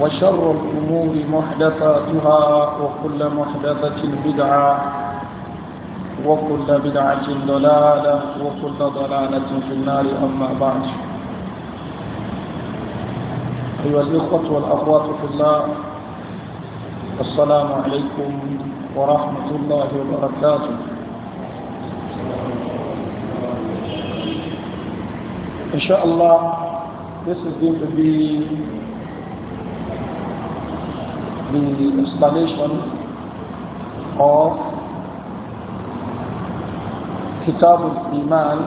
وشر الأمور محدثاتها وكل محدثة بدعة وكل بدعة ضلالة وكل ضلالة في النار أما بعد أيها الإخوة والأخوات في الله السلام عليكم ورحمة الله وبركاته إن شاء الله this is going to be the explanation of Kitab al-Iman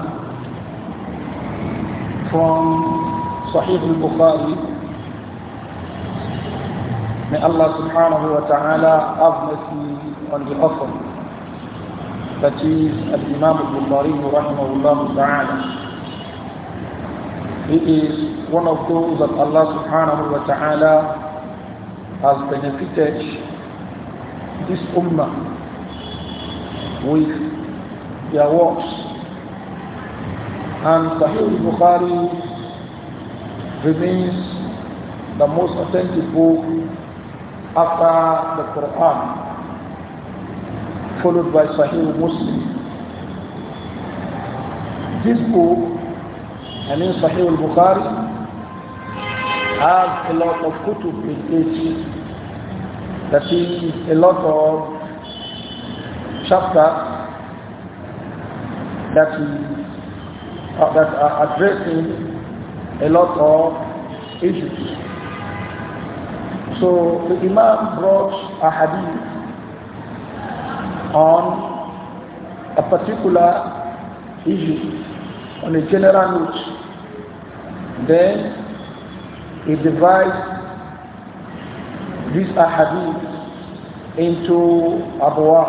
from Sahih al-Bukhari May Allah subhanahu wa ta'ala have mercy on the orphan. That is Al-Imam al-Bukhari rahimahullah ta'ala. He is one of those that Allah subhanahu wa ta'ala has benefited this ummah with their works. And Sahih Bukhari remains the most authentic book after the Quran, followed by Sahih Muslim. This book, I mean Sahih al-Bukhari, has a lot of kutub in it. That is a lot of chapters that is uh, that are addressing a lot of issues. So the Imam brought a hadith on a particular issue, on a general note. Then he divides this hadith into abwa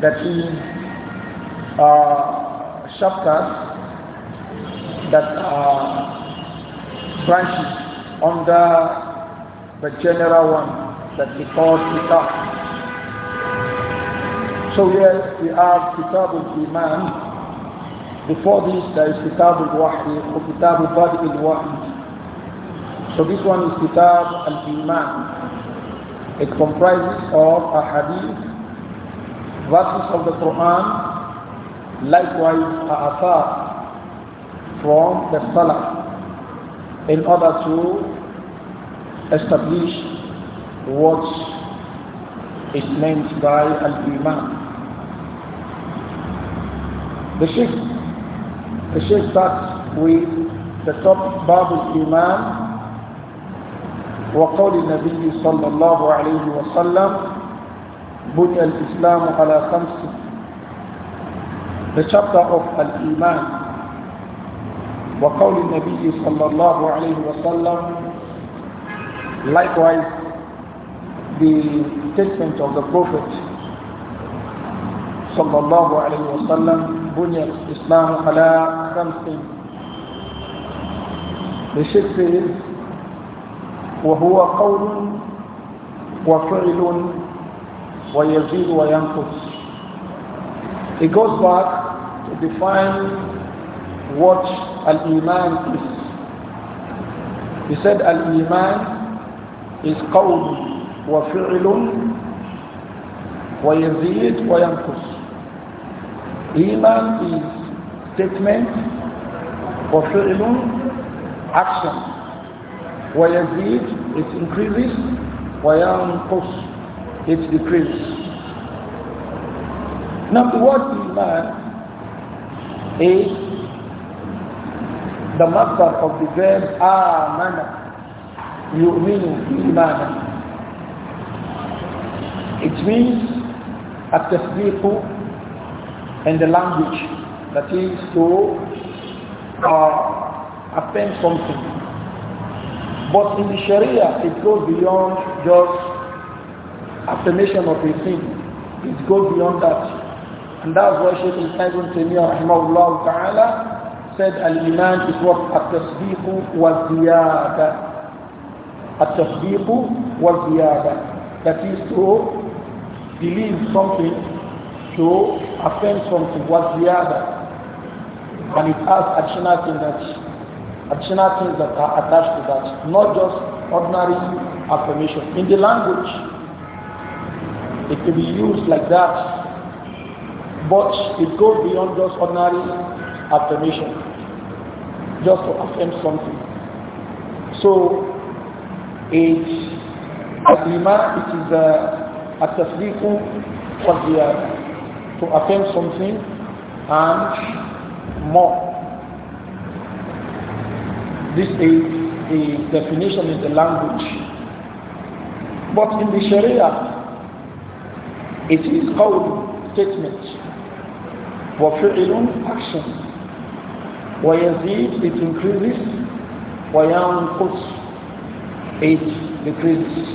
that is uh, chapters that are branches under the general one that we call kitab. So here we have kitab iman Before this there is kitab al-wahy or kitab al-badi al-wahy. So this one is kitab al-iman. It comprises of a hadith, verses of the Quran, likewise a athar from the Salaf in order to establish what is meant by Al-Iman. The Sheikh, the Sheikh starts with the top Bab Al-Iman وقول النبي صلى الله عليه وسلم بني الإسلام على خمس The chapter of Al-Iman وقول النبي صلى الله عليه وسلم Likewise the statement of the Prophet صلى الله عليه وسلم بني الإسلام على خمس The Sheikh says وهو قول وفعل ويزيد وينقص It goes back to define what Al-Iman is. He said Al-Iman is قول وفعل ويزيد وينقص Iman is statement وفعل action ويزيد it increases وينقص it decreases now the word iman is the master of the verb amana يؤمن إيمانا it means التصديق in the language that is to uh, append something but in the Sharia, it goes beyond just affirmation of a sin. It goes beyond that. And that's why Shaykh Al-Qaibun Taymiyyah rahimahullah ta'ala said al-iman is what at-tasbiqu wa ziyada. At-tasbiqu wa ziyada. That is to believe something, to affirm something, wa ziyada. And it has additional things that additional things that are attached to that, not just ordinary affirmation. In the language, it can be used like that, but it goes beyond just ordinary affirmation, just to affirm something. So, it, it is uh, a, a tasdeeq for the, uh, to affirm something and more this is a definition in the language. But in the Sharia, it is called statement. وفعل action. ويزيد it increases وينقص it decreases.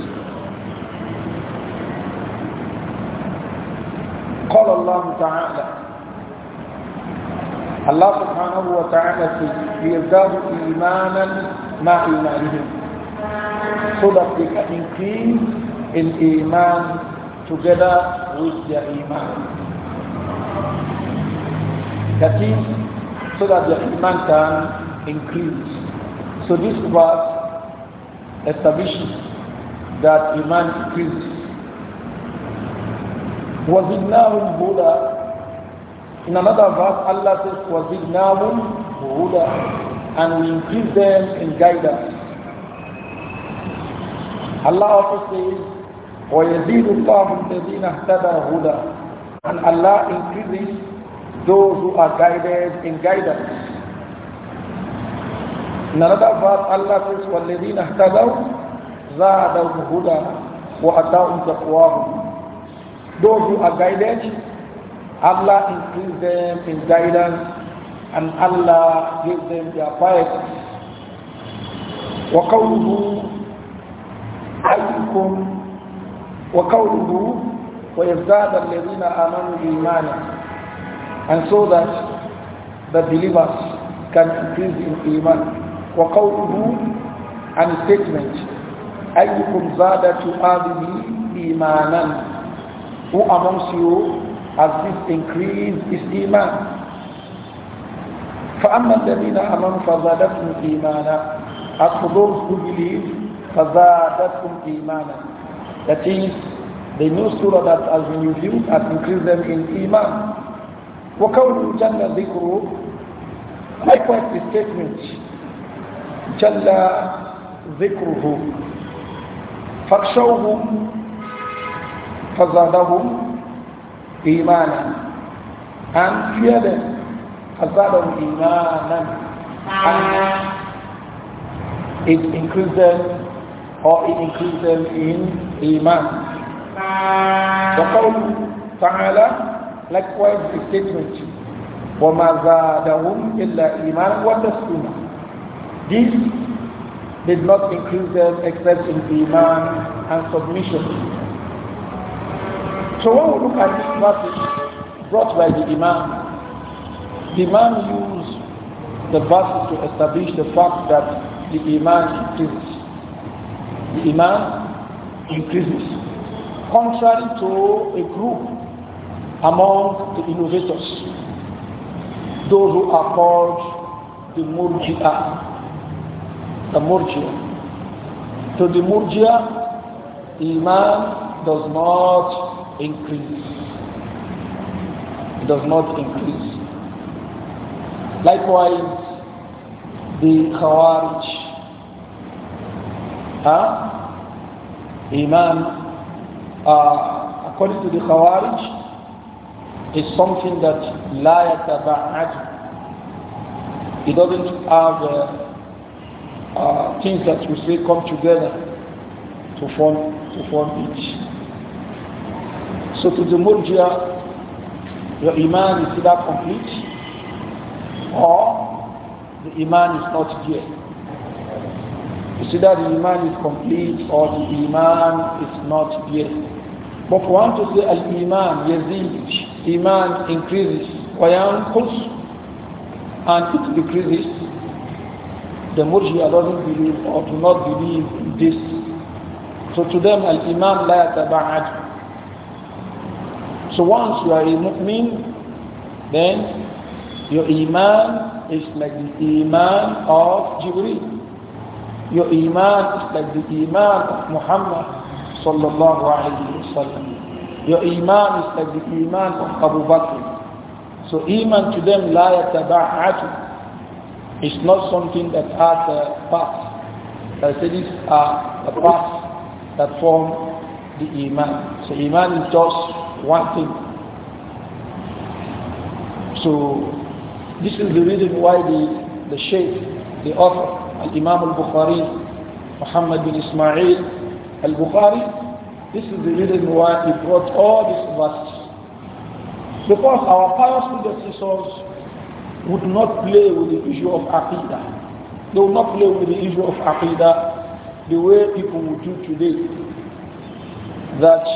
قال الله تعالى Allah subhanahu wa ta'ala says, لِيَزْدَادُوا إِيمَانًا مَا إِيمَانِهِمْ So that they can increase in Iman together with their Iman. That is, so that their Iman can increase. So this was establishes that Iman increases. وَزِدْنَاهُمْ هُدًى in another verse, Allah says, وَزِدْنَاهُمْ هُدًى And we give them in guidance. Allah also says, وَيَزِيدُ اللَّهُ الَّذِينَ اهْتَدَى هُدًى And Allah increases those who are guided in guidance. In another verse, Allah says, وَالَّذِينَ اهْتَدَوْا زَادَوْا هُدًى وَأَتَاهُمْ تَقْوَاهُمْ Those who are guided Allah increase them in guidance and Allah give them their piety. وقوله أيكم وقوله ويزداد الذين آمنوا إيمانا and so that the believers can increase in iman وقوله and statement أيكم زادت هذه إيمانا who amongst you as this increase is iman. فأما الذين آمنوا فزادتهم إيمانا as for those who believe فزادتهم إيمانا that is the new surah that has been revealed has increased them in iman وقول جل ذكر likewise the statement جَلَّا ذكره فاخشوهم فزادهم imanan and fear them azadahum imanan and it increases or it increases in iman وقوله تعالى likewise the statement وما زادهم إلا إيمانا وتسليما this did not increase them except in iman and submission so when we look at this passage brought by the Imam, the Imam used the verses to establish the fact that the Iman increases. The Iman increases. Contrary to a group among the innovators, those who are called the Murji'a, the Murji'a. To the Murji'a, Iman does not increase. It does not increase. Likewise, the Khawarij, huh? Iman, uh, according to the Khawarij, is something that la yataba'ad. It doesn't have uh, uh, things that we say come together to form to form each. So to the Murjia, your Iman is either complete or the Iman is not here. You see that the Iman is complete or the Iman is not here. But one to say Al-Iman, Yazid, Iman increases, وَيَنْقُصُ and it decreases. The Murjia doesn't believe or do not believe in this. So to them, Al-Iman la yataba'ad so once you are a mu'min, then your iman is like the iman of Jibreel. Your iman is like the iman of Muhammad sallallahu alayhi wa Your iman is like the iman of Abu Bakr. So iman to them la yataba'atu. It's not something that has a path. I say these are the path that form the iman. So iman is just one thing. So this is the reason why the, the Shaykh, the author, Al-Imam Al-Bukhari, Muhammad bin Ismail Al-Bukhari, this is the reason why he brought all these verses. Because our pious predecessors would not play with the issue of Aqidah. They would not play with the issue of Aqidah the way people would do today. That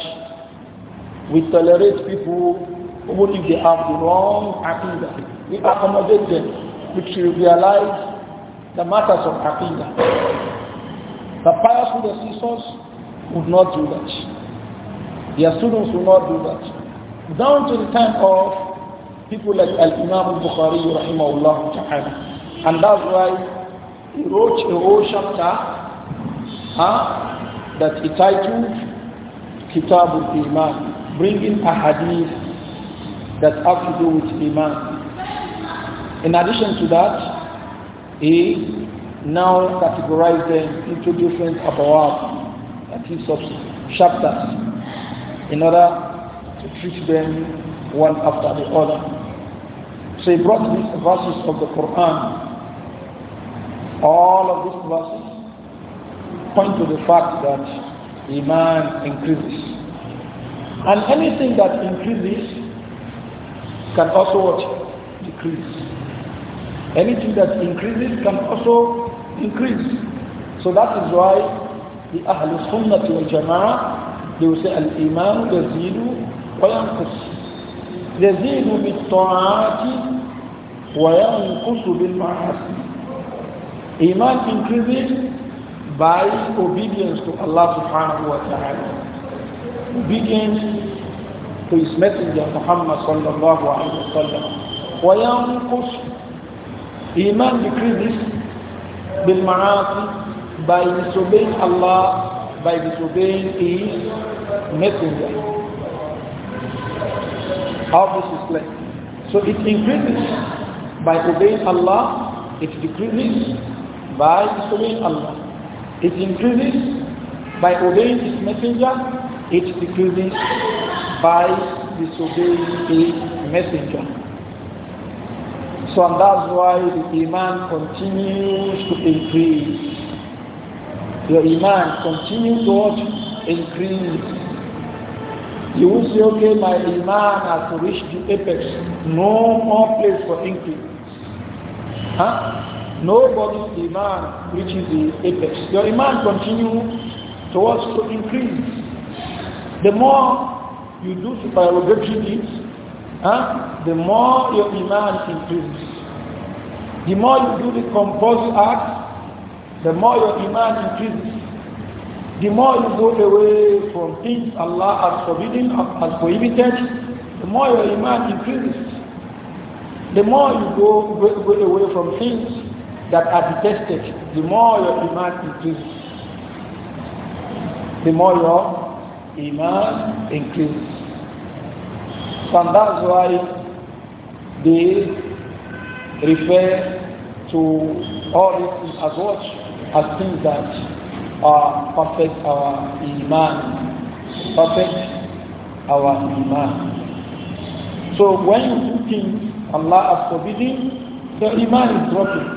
we tolerate people who if they have the wrong aqidah. We accommodate them. We should realize the matters of aqida. The pious with the seasons would not do that. Their students would not do that. Down to the time of people like Al-Imam al-Bukhari rahimahullah ta'ala. And that's why he wrote a whole chapter huh, that he titled Kitab al-Iman bringing a hadith that have to do with Iman. In addition to that, he now categorized them into different abawab, that is, chapters, in order to treat them one after the other. So he brought these verses of the Quran. All of these verses point to the fact that Iman increases. And anything that increases can also what? Decrease. Anything that increases can also increase. So that is why the Ahlul Sunnah wal Jama'ah, they will say Al-Iman yazidu wa yanqus. wa بالطاعات bil بالمعاصي Iman increases by obedience to Allah subhanahu wa ta'ala obedient to his messenger Muhammad sallallahu alaihi wasallam. وينقص Iman decreases by disobeying Allah, by disobeying his messenger. How this is like. So it increases by obeying Allah, it decreases by disobeying Allah. It increases by obeying his messenger, it's decreasing by disobeying the messenger. So and that's why the iman continues to increase. Your iman continues to increase. You will say, okay, my iman has reached the apex. No more place for increase. Huh? Nobody's iman reaches the apex. Your iman continues towards to increase. The more you do supererogatory deeds, huh, the more your iman increases. The more you do the compulsory acts, the more your iman increases. The more you go away from things Allah has forbidden, has prohibited, the more your iman increases. The more you go, go, go away from things that are detested, the more your iman increases. The more your Iman increase, And that's why they refer to all these as what? As things that are perfect our Iman. Perfect our Iman. So when you do things Allah has forbidden, the Iman is dropping.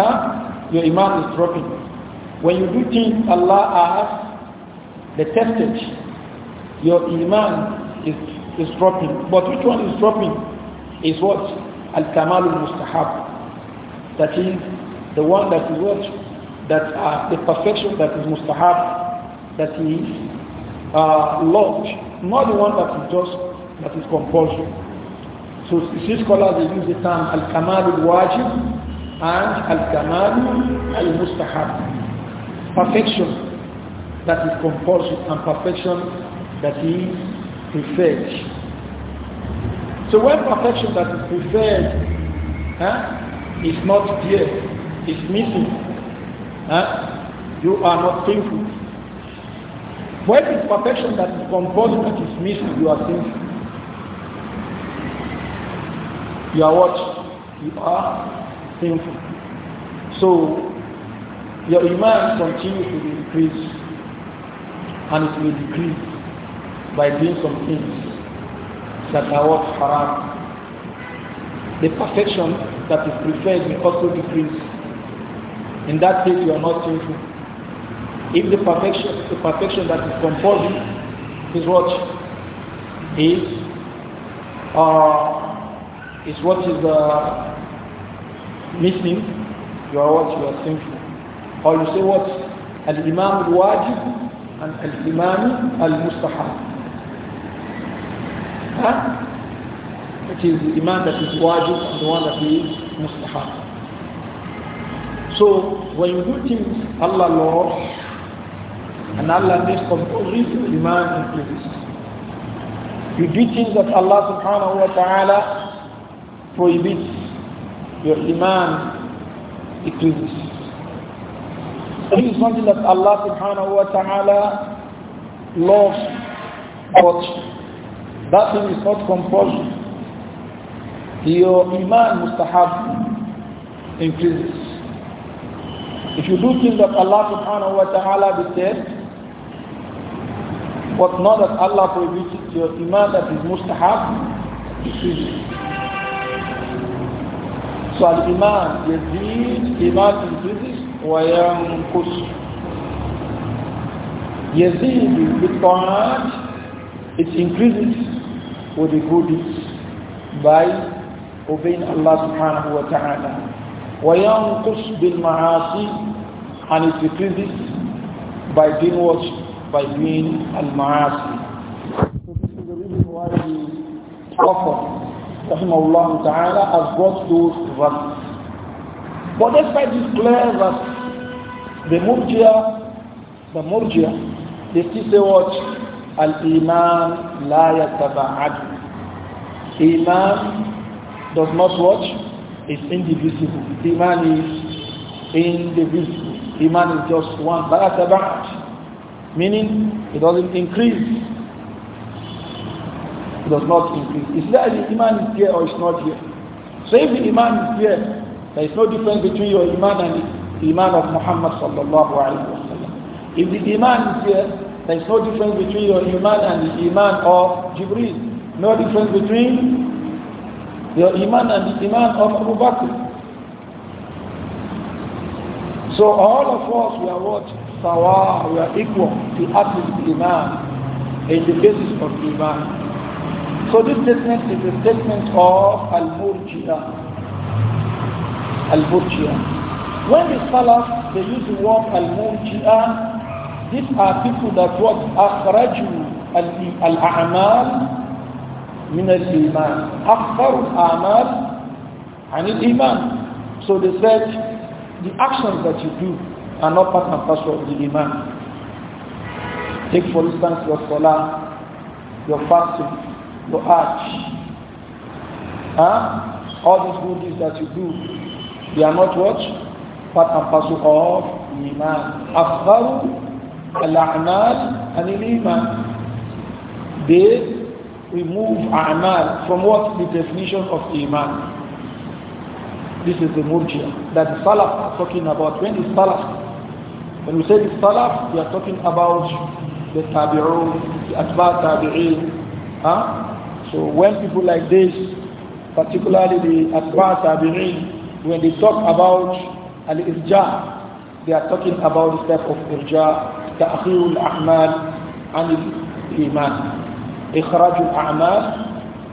Huh? Your Iman is dropping. When you do things Allah asks, the tested, your iman is, is dropping. But which one is dropping is what? Al-Kamal al-Mustahab. That is the one that is what? That uh, the perfection that is Mustahab, that is uh, loved, not the one that is just, that is compulsory. So these scholars they use the term Al-Kamal al-Wajib and Al-Kamal al-Mustahab perfection that is compulsory and perfection that is preferred. So when perfection that is preferred huh, is not there, is missing, huh, you are not thankful. When it's perfection that is compulsory that is missing, you are thankful. You are what? You are thankful. So your iman continues to increase and it will decrease by doing some things that are what haram. The perfection that is preferred will also decrease. In that case, you are not sinful. If the perfection, the perfection that is compulsory is what is, uh, is what is uh, missing, you are what you are sinful. Or you say what? Al-Imam al-Wajib and Al-Imam al-Mustahab. Huh? It is the Imam that is wajib and the one that is mustahab. So when you do things Allah Lord and Allah makes compulsory to Imam includes. You do things that Allah subhanahu wa ta'ala prohibits, your Imam decreases. This is something that Allah subhanahu wa ta'ala loves, but that thing is not compulsory. Your iman mustahab increases. If you do think that Allah subhanahu wa ta'ala detests, but not that Allah prohibits your iman that is mustahab decreases. So al-iman, yazid, iman increases, وينقص يزيد بالطاعات it increases with the good by obeying Allah subhanahu wa ta'ala وينقص بالمعاصي and it decreases by being what? By being al-ma'asi. So this is the reason why the Prophet, rahimahullah ta'ala, has brought those verses. But despite this clear verse. The Murjia, the Murjia, they still say what? Al-Iman la yataba'adu. Iman does not watch, it's indivisible. Iman is indivisible. Iman is just one. watch, Meaning, it doesn't increase. It does not increase. It's there the Iman is here or it's not here. So if the Iman is here, there is no difference between your Iman and iman of Muhammad sallallahu alaihi wasallam. If the iman is here, there is no difference between your iman and the iman of Jibril. No difference between your iman and the iman of Abu Bakr. So all of us, we are what? Sawa, we are equal to absolute Iman in the basis of Iman. So this statement is a statement of Al-Murji'ah. Al-Murji'ah. When the Salaf, they use the word al mujia these are people that work akhraju al-a'mal min al-iman. Akhar al-a'mal an al-iman. So they said, the actions that you do are not part and parcel of the iman. Take for instance your salah, your fasting, your hajj. Huh? All these good deeds that you do, they are not what? part and parcel of Iman. Afgharu, Al-A'mal, and Iman. They remove A'mal from what? The definition of Iman. This is the Murjia that the Salaf are talking about. When the Salaf, when we say the Salaf, we are talking about the Tabi'un, the Atba Tabi'in. Huh? So when people like this, particularly the Atba Tabi'in, when they talk about الإرجاء. they are talking about the step of إرجاء تأخير الأعمال عن الإيمان. إخراج iman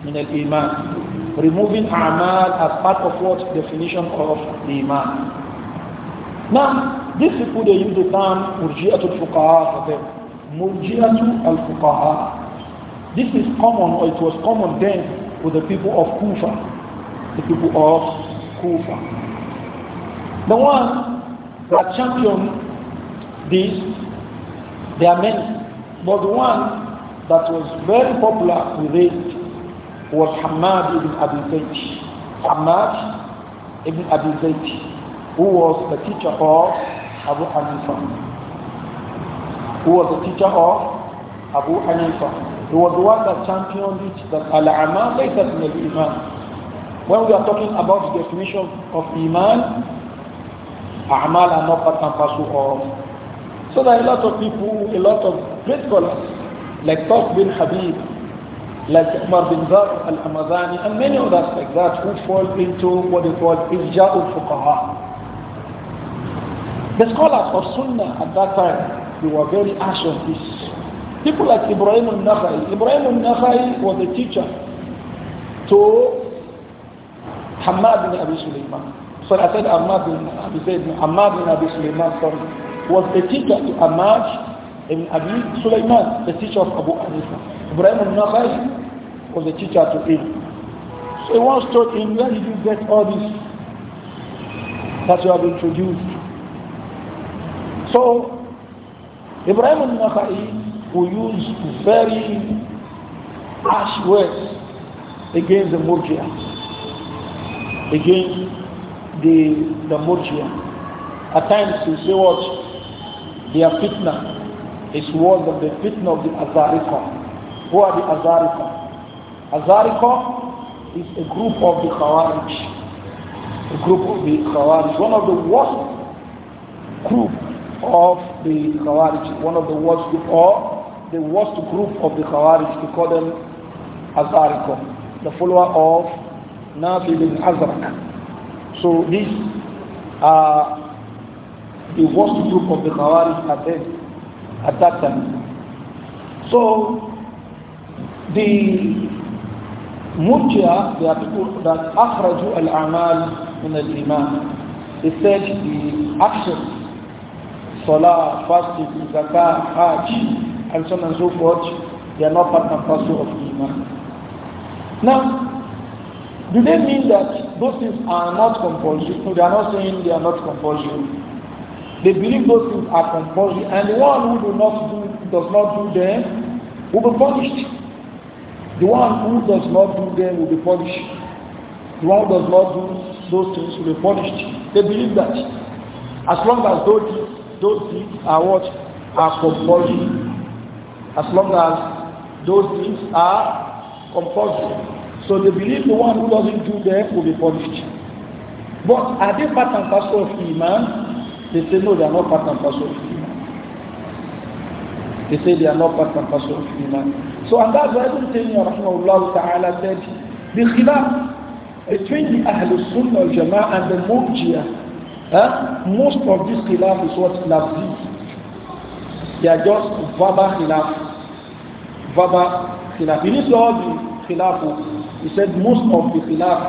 من الإيمان. iman Removing a'mal as part of what definition of iman. Now, these people they use the term مرجعة الفقهاء. for them. This is common or it was common then with the people of Kufa. The people of Kufa. The one that championed this, there are many, but the one that was very popular with it was Hamad ibn Abi Zayd. Hamad ibn Abi Zayd, who was the teacher of Abu Hanifa. Who was the teacher of Abu Hanifa. He was the one that championed it that al-amal laysat in the iman When we are talking about the definition of iman, A'mal are not part and parcel of. So there are a lot of people, a lot of great scholars, like Tawf bin Habib, like Umar bin Zar al amazani and many others like that who fall into what they call Ijja'ul Fuqaha. The scholars of Sunnah at that time, they were very ash of this. People like Ibrahim al-Nakhai. Ibrahim al-Nakhai was a teacher to Hamad bin Abi Sulaiman. So I said Ahmad bin He said Ahmad bin Abi Sulaiman, sorry, was the teacher to Ahmad and Abi Sulaiman, the teacher of Abu Hanifa. Ibrahim al-Nakhai was the teacher to him. So he once told him, where did you get all this that you have introduced? So Ibrahim al-Nakhai who used very harsh words against the Murjiah, against the, the Murjiya. At times you see what? Their fitna is worse than the fitna of the Azarika. Who are the Azarika? Azarika is a group of the Khawarij. A group of the Khawarij. One of the worst group of the Khawarij. One of the worst group or the worst group of the Khawarij. We call them Azarika. The follower of Nabi bin Azarika. So this uh, the worst group of the Khawarij at, that, time. So the Murjia, they are people that akhraju al-amal min al They said the actions, salah, fasting, zakah, hajj, and so on and so forth, they are not part and parcel of iman. Now, do they mean that those things are not compulsory. No, they are not saying they are not compulsory. They believe those things are compulsory, and the one who do not do, does not do them will be punished. The one who does not do them will be punished. The one who does not do those things will be punished. They believe that. As long as those, those things are what? Are compulsory. As long as those things are compulsory. So they believe the one who doesn't do that will be punished. But are they part and parcel of Iman? They say no, they are not part and parcel of Iman. They say they are not part and parcel of Iman. So and that's why Ibn Taymiyyah rahmahullah ta'ala said, the khilaf between the Ahlul Sunnah al-Jama'ah and the Murjiyah Huh? Eh, most of this khilaf is what khilaf They are just verbal khilaf. Verbal khilaf. need to all the khilaf He said most of the khilaf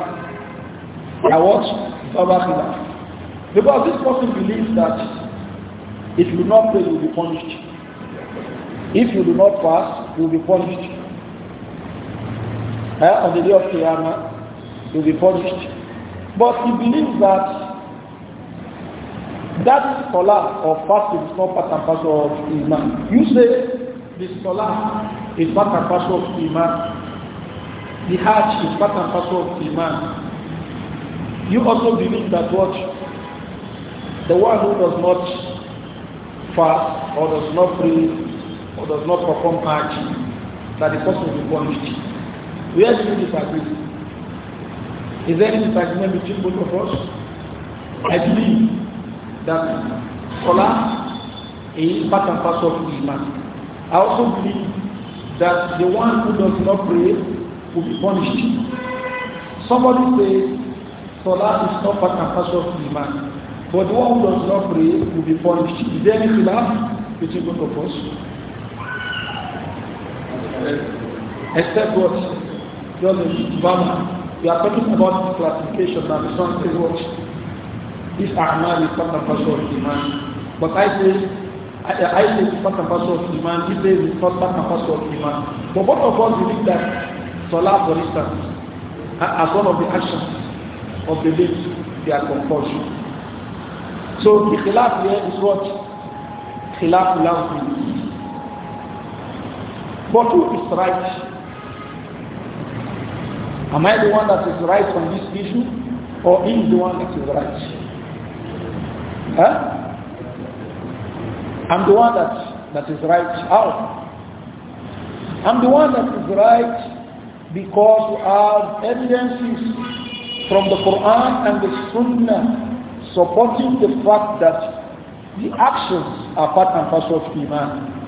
are what? Baba khilaf. Because this person believes that if you do not pray, you will be punished. If you do not fast, you will be punished. Eh? On the day of Qiyamah, you will be punished. But he believes that that scholar of fasting is not part and parcel of iman. You say the salah is part and parcel of iman. The heart is part and parcel of the man. You also believe that what? The one who does not fast or does not pray or does not perform Hajj, that the person will be punished. Where do you disagree? Is there any disagreement between both of us? I believe that Salah is part and parcel of man. I also believe that the one who does not pray will be punished. Somebody says, Salah is not part and parcel of Iman. But the one who does not pray will be punished. Is there any khilaf between both of us? Except what? Just the We are talking about classification that the son says what? This Ahmad is part and parcel of Iman. But I say, I, I say it's part and parcel of Iman. He says it's not part and parcel of Iman. But both of us believe that Salah, for instance, as one of the actions of the day, they are compulsion. So the khilaf here is what? Khilaf love But who is right? Am I the one that is right on this issue? Or he is the one that is right? Huh? I'm the one that, that is right. How? I'm the one that is right because we have evidences from the Quran and the Sunnah supporting the fact that the actions are part and parcel of Iman.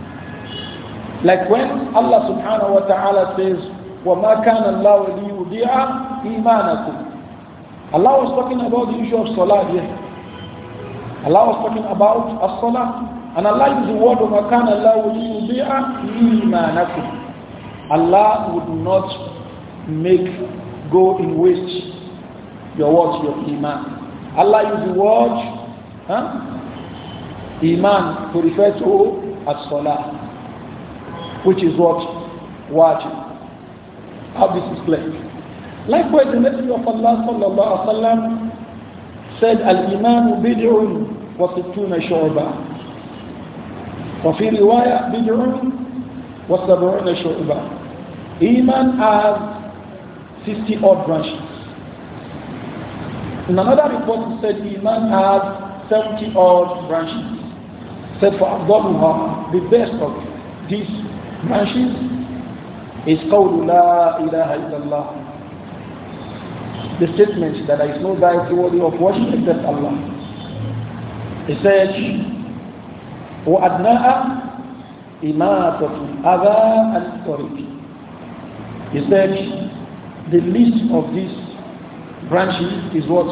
Like when Allah subhanahu wa ta'ala says, وَمَا كَانَ اللَّهُ لِيُضِيعَ إِيمَانَكُمْ Allah was talking about the issue of salah here. Allah was talking about as-salah. And Allah is the word of وَمَا كَانَ اللَّهُ لِيُضِيعَ إِيمَانَكُمْ Allah would not make go in waste your what? Your iman. Allah uses the word huh? iman to refer to as salah, which is what? Wajib. How this is clear. Likewise, the Messenger of Allah sallallahu alaihi wasallam said, "Al-iman bid'un wa sittuna shu'ba." وفي رواية بدع وسبعون شعبة. Iman has 50 odd branches. In another report, he said Iman has 70 odd branches. He said for Abdullah, the best of these branches is قول لا إله إلا The statement that there is no deity worthy of worship except Allah. He said, وأدناها إماتة الأذى other الطريق. He said, the least of these branches is what?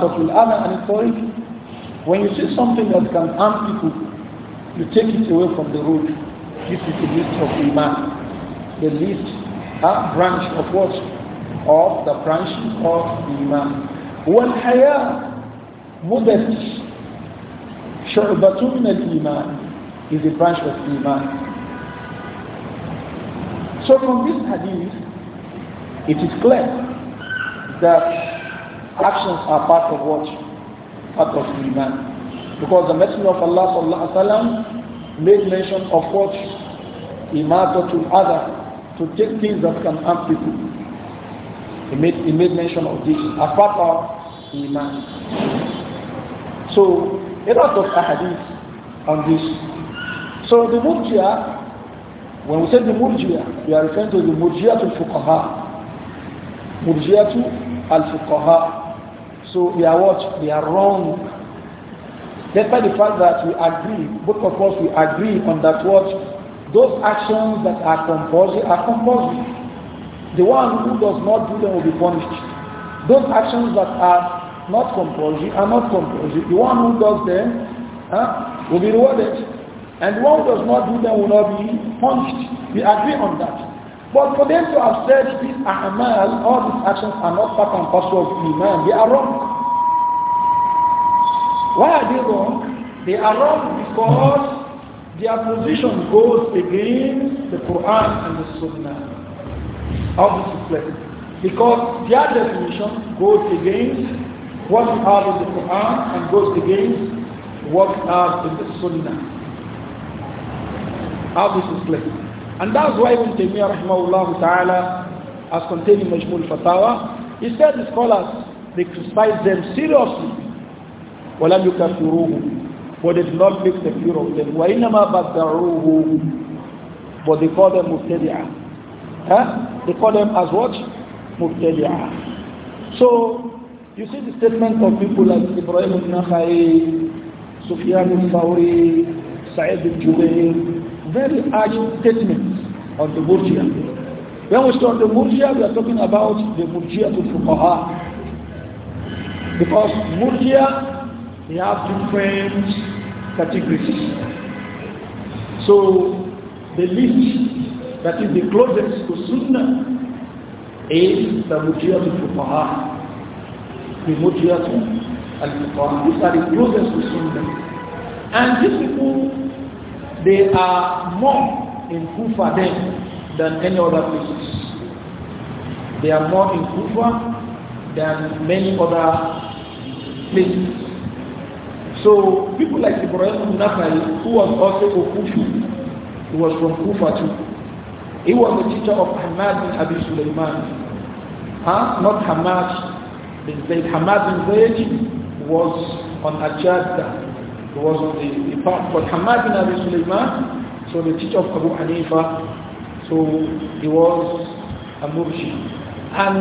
of Ana and authority. When you see something that can harm people, you take it away from the road. This is the least of Iman. The least uh, branch of what? Of the branch of the Iman. Wal-Haya, modesty. Shu'batun iman is a branch of Iman. So from this hadith, it is clear that actions are part of what? Part of Iman. Because the Messenger of Allah sallallahu alaihi wasallam made mention of what? to other to take things that can harm people. He made, he made mention of this as part of Iman. So, a lot of ahadith on this. So the Murjia, when we say the Murjia, we are referring to the Murjia to Fuqaha, Murjiatu al-Fuqaha. So they are what? They are wrong. Despite the fact that we agree, both of us we agree on that what? Those actions that are compulsory are compulsory. The one who does not do them will be punished. Those actions that are not compulsory are not compulsory. The one who does them huh, will be rewarded. And the one who does not do them will not be punished. We agree on that. But for them to have said these amal, all these actions are not part and parcel of iman, they are wrong. Why are they wrong? They are wrong because their position goes against the Quran and the Sunnah. How this is clear. Because their definition goes against what we have in the Quran and goes against what we have in the Sunnah. How this is clear. And that's why Ibn Taymiyyah rahimahullah ta'ala as contained in Majmul Fatawa, he said the scholars, they criticize them seriously. وَلَمْ يُكَفِرُوهُ But they did not make the fear of them. وَإِنَّمَا بَدَّعُوهُ But they call them mubtadi'ah. Huh? They call them as what? Mubtadi'ah. So, you see the statement of people like Ibrahim Ibn nakhai Sufyan al-Thawri, Sa'id Ibn jubayr very harsh statements of the Murjia. When we talk the Murjia, we are talking about the Murjia to Fuqaha. Because Murjia, they have different categories. So the list that is the closest to Sunnah, is the Murjia to Fuqaha. The Murjia to Al-Fuqaha. These are the closest to Sunnah. And these people they are more in Kufa then than any other places. They are more in Kufa than many other places. So people like Ibrahim Nakhai, who was also a Kufi, he was from Kufa too. He was the teacher of Hamad bin Abi Sulaiman. Huh? Not Hamad bin Zayd. Hamad bin Zayd was on Ajadda. He was the, the part for Hamad bin Abi Sulaiman, so the teacher of Abu Hanifa, so he was a Murshi. And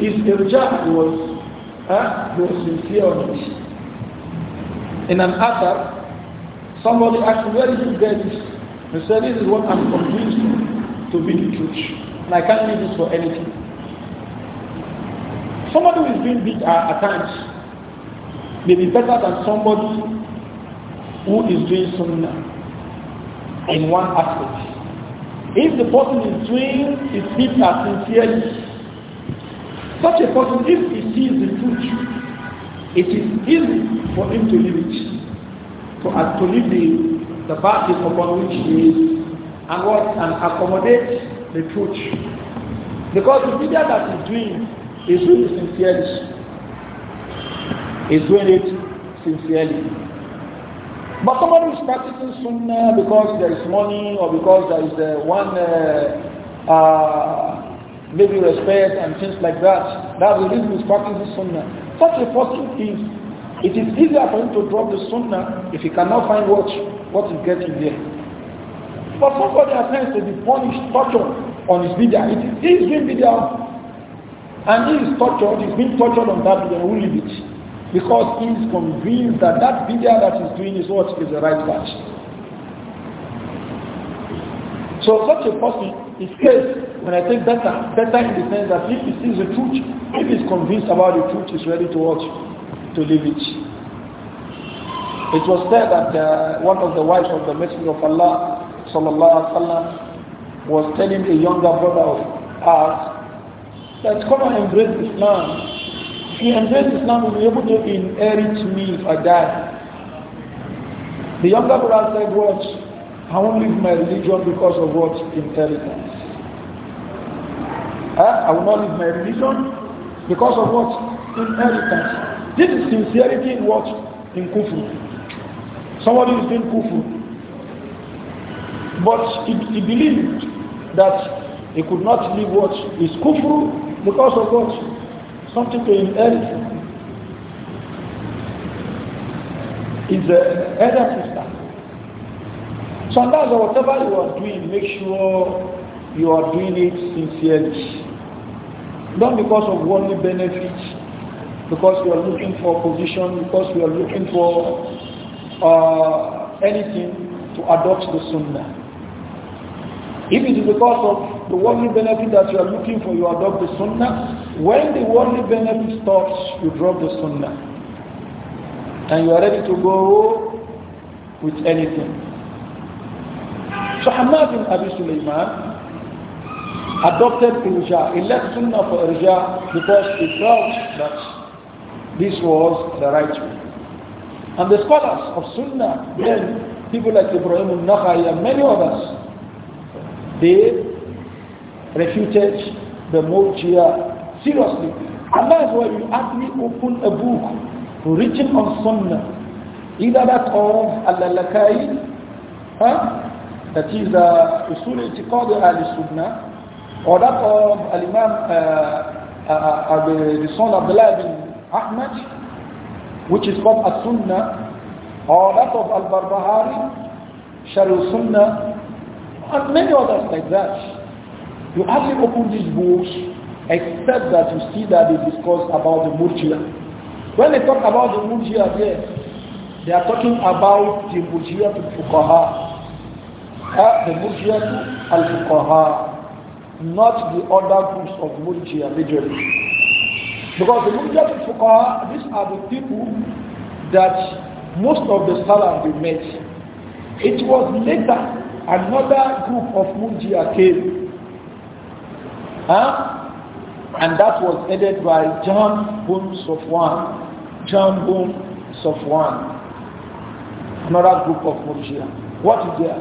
his irja was, uh, he was sincere on it. In an athar, somebody asked, where did you get this? He said, this is what I'm convinced to be the truth. And I can't leave this for anything. Somebody who is being big at times may be better than somebody who is doing sunnah in one aspect. If the person is doing his bid'ah sincerely, such a person, if he sees the truth, it is easy for him to leave it, to, uh, to leave the, the basis upon which he is, and what, and accommodate the truth. Because the media that he's doing is doing it sincerely. He's doing it sincerely. But somebody is practicing sunnah because there is money or because there is uh, one uh, uh, maybe respect and things like that. That the reason he's practicing sunnah. Such a person is, it is easier for him to drop the sunnah if he cannot find what, what is getting there. But somebody at to be punished, tortured on his video. It is, he is video and he is tortured, he's being tortured on that video, who leave it? Because he is convinced that that video that he's doing is what is the right path. So such a person is case when I think better, better in the sense that if he sees the truth, if he's convinced about the truth, he's ready to watch, to live it. It was said that uh, one of the wives of the Messenger of Allah sallallahu wasallam, was telling a younger brother of ours that come and embrace Islam he embraced Islam, will be able to inherit me if I die. The younger brother said, What? I won't leave my religion because of what? Inheritance. Huh? I will not leave my religion because of what? Inheritance. This is sincerity in what? In kufu? Somebody is doing kufu, But he, he believed that he could not leave what is kufu because of what? something to inherit. Is the elder sister. Sometimes whatever you are doing, make sure you are doing it sincerely. Not because of worldly benefits, because you are looking for position, because you are looking for uh, anything to adopt the sunnah. If it is because of the worldly benefit that you are looking for, you adopt the sunnah. When the worldly benefit stops, you drop the sunnah. And you are ready to go with anything. So Hamad bin Abi Sulaiman adopted Irja. He left Sunnah for Irja because he felt that this was the right way. And the scholars of Sunnah, then people like Ibrahim al-Nakhai and many others, they refuted the Murjia seriously. And that's why you actually open a book written on Sunnah, either that of Al-Lakai, huh? that is the uh, Usul Itiqad al-Sunnah, or that of Al-Imam, uh, uh, uh, the, son of Abdullah bin Ahmad, which is called As-Sunnah, or that of Al-Barbahari, Sharul Sunnah, and many others like that. You hardly open these books except that you see that they discuss about the Murjia. When they talk about the Murjia they are talking about the Murjia to Fuqaha. Uh, the Murjia to Al-Fuqaha. Not the other groups of Murjia literally. Because the Murjia to Fuqaha, these are the people that most of the scholars they met. It was later another group of Murjia came Huh? And that was headed by John Boone Sofwan. John Boone Sofwan. Another group of Murjia. What is their?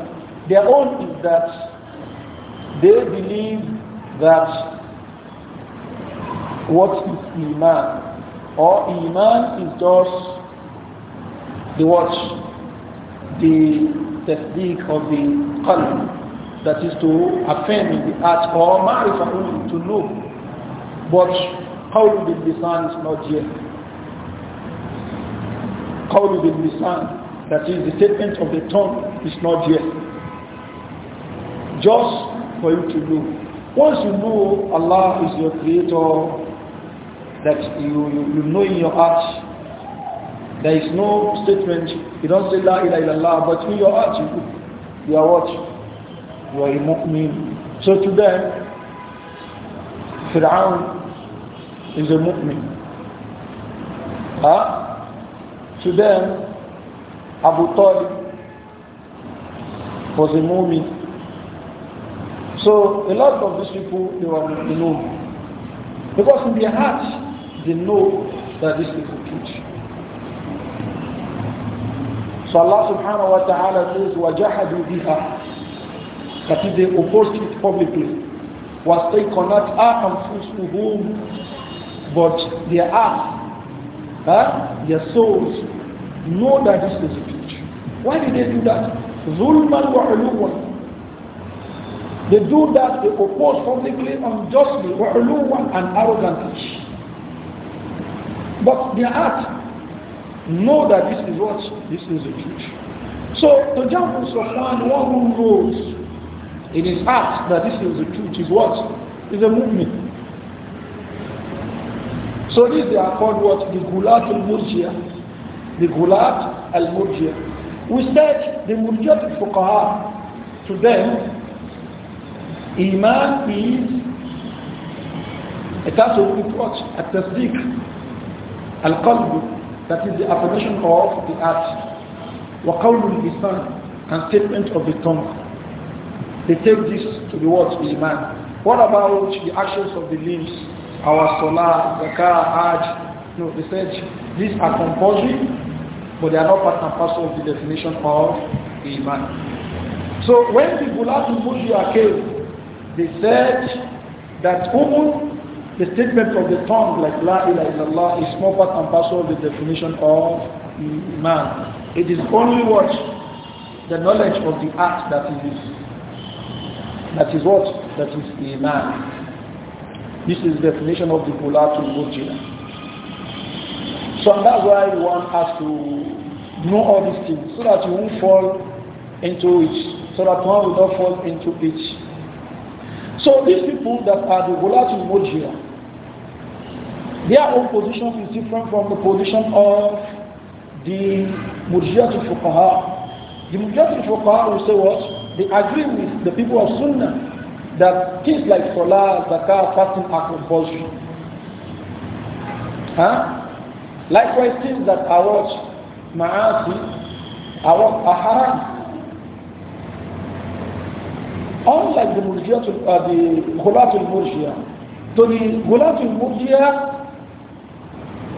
Their own is that they believe that what is Iman? Or Iman is just the watch, the technique of the qalb, that is to affirm in the heart or marifah only to know. But how qawl be lisan is not yet. here. it be lisan, that is the statement of the tongue is not yet. Just for you to know. Once you know Allah is your creator, that you, you, you know in your heart, there is no statement, you don't say la ilaha illallah, but in your heart you, you are watching you a mu'min. So today, them, Fir'aun is a mu'min. Huh? today Abu Talib was a mu'min. So a lot of these people, they were mu'minun. Because in their hearts, they know that this is the truth. So Allah subhanahu wa ta'ala says, وَجَحَدُوا بِهَا that if they opposed it publicly. Was taken out whom, ah, but their hearts, huh? their souls, know that this is a picture. Why did they do that? Zulman wa uluwan. They do that, they oppose publicly, unjustly, wa uluwan, and arrogantly. But their heart know that this is what? This is the truth. So to jump on someone, one who knows in his heart that this is the truth is what? Is a movement. So these they are called what? The Gulat al-Murjia. The Gulat al-Murjia. We said the Murjia al-Fuqaha, to them, Iman is, a type of approach, a At al-qalb, that is the affirmation of the heart. وقول الإنسان and statement of the tongue they take this to be what? The Iman. What about the actions of the limbs? Our solar, the car, Hajj. No, they said these are compulsory, but they are not part and parcel of the definition of the Iman. So when the Gulati Mujia came, they said that Umun, the statement of the tongue like La ilaha illallah is not part and parcel of the definition of Iman. It is only what? The knowledge of the act that is that is what? That is Iman. This is definition of the Mulatul mujia. So that's why one has to know all these things so that you won't fall into it, so that one will not fall into it. So these people that are the Mulatul mujia, their own position is different from the position of the Murjiatul Fuqaha. The Murjiatul Fuqaha will say what? They agree with the people of Sunnah that things like Salah, Zakah, fasting are compulsory. Huh? Likewise, things that are what? Ma'asi, are what? Are Unlike the Murjiyatul, uh, the Ghulatul Murjiya, to the Ghulatul Murjiya,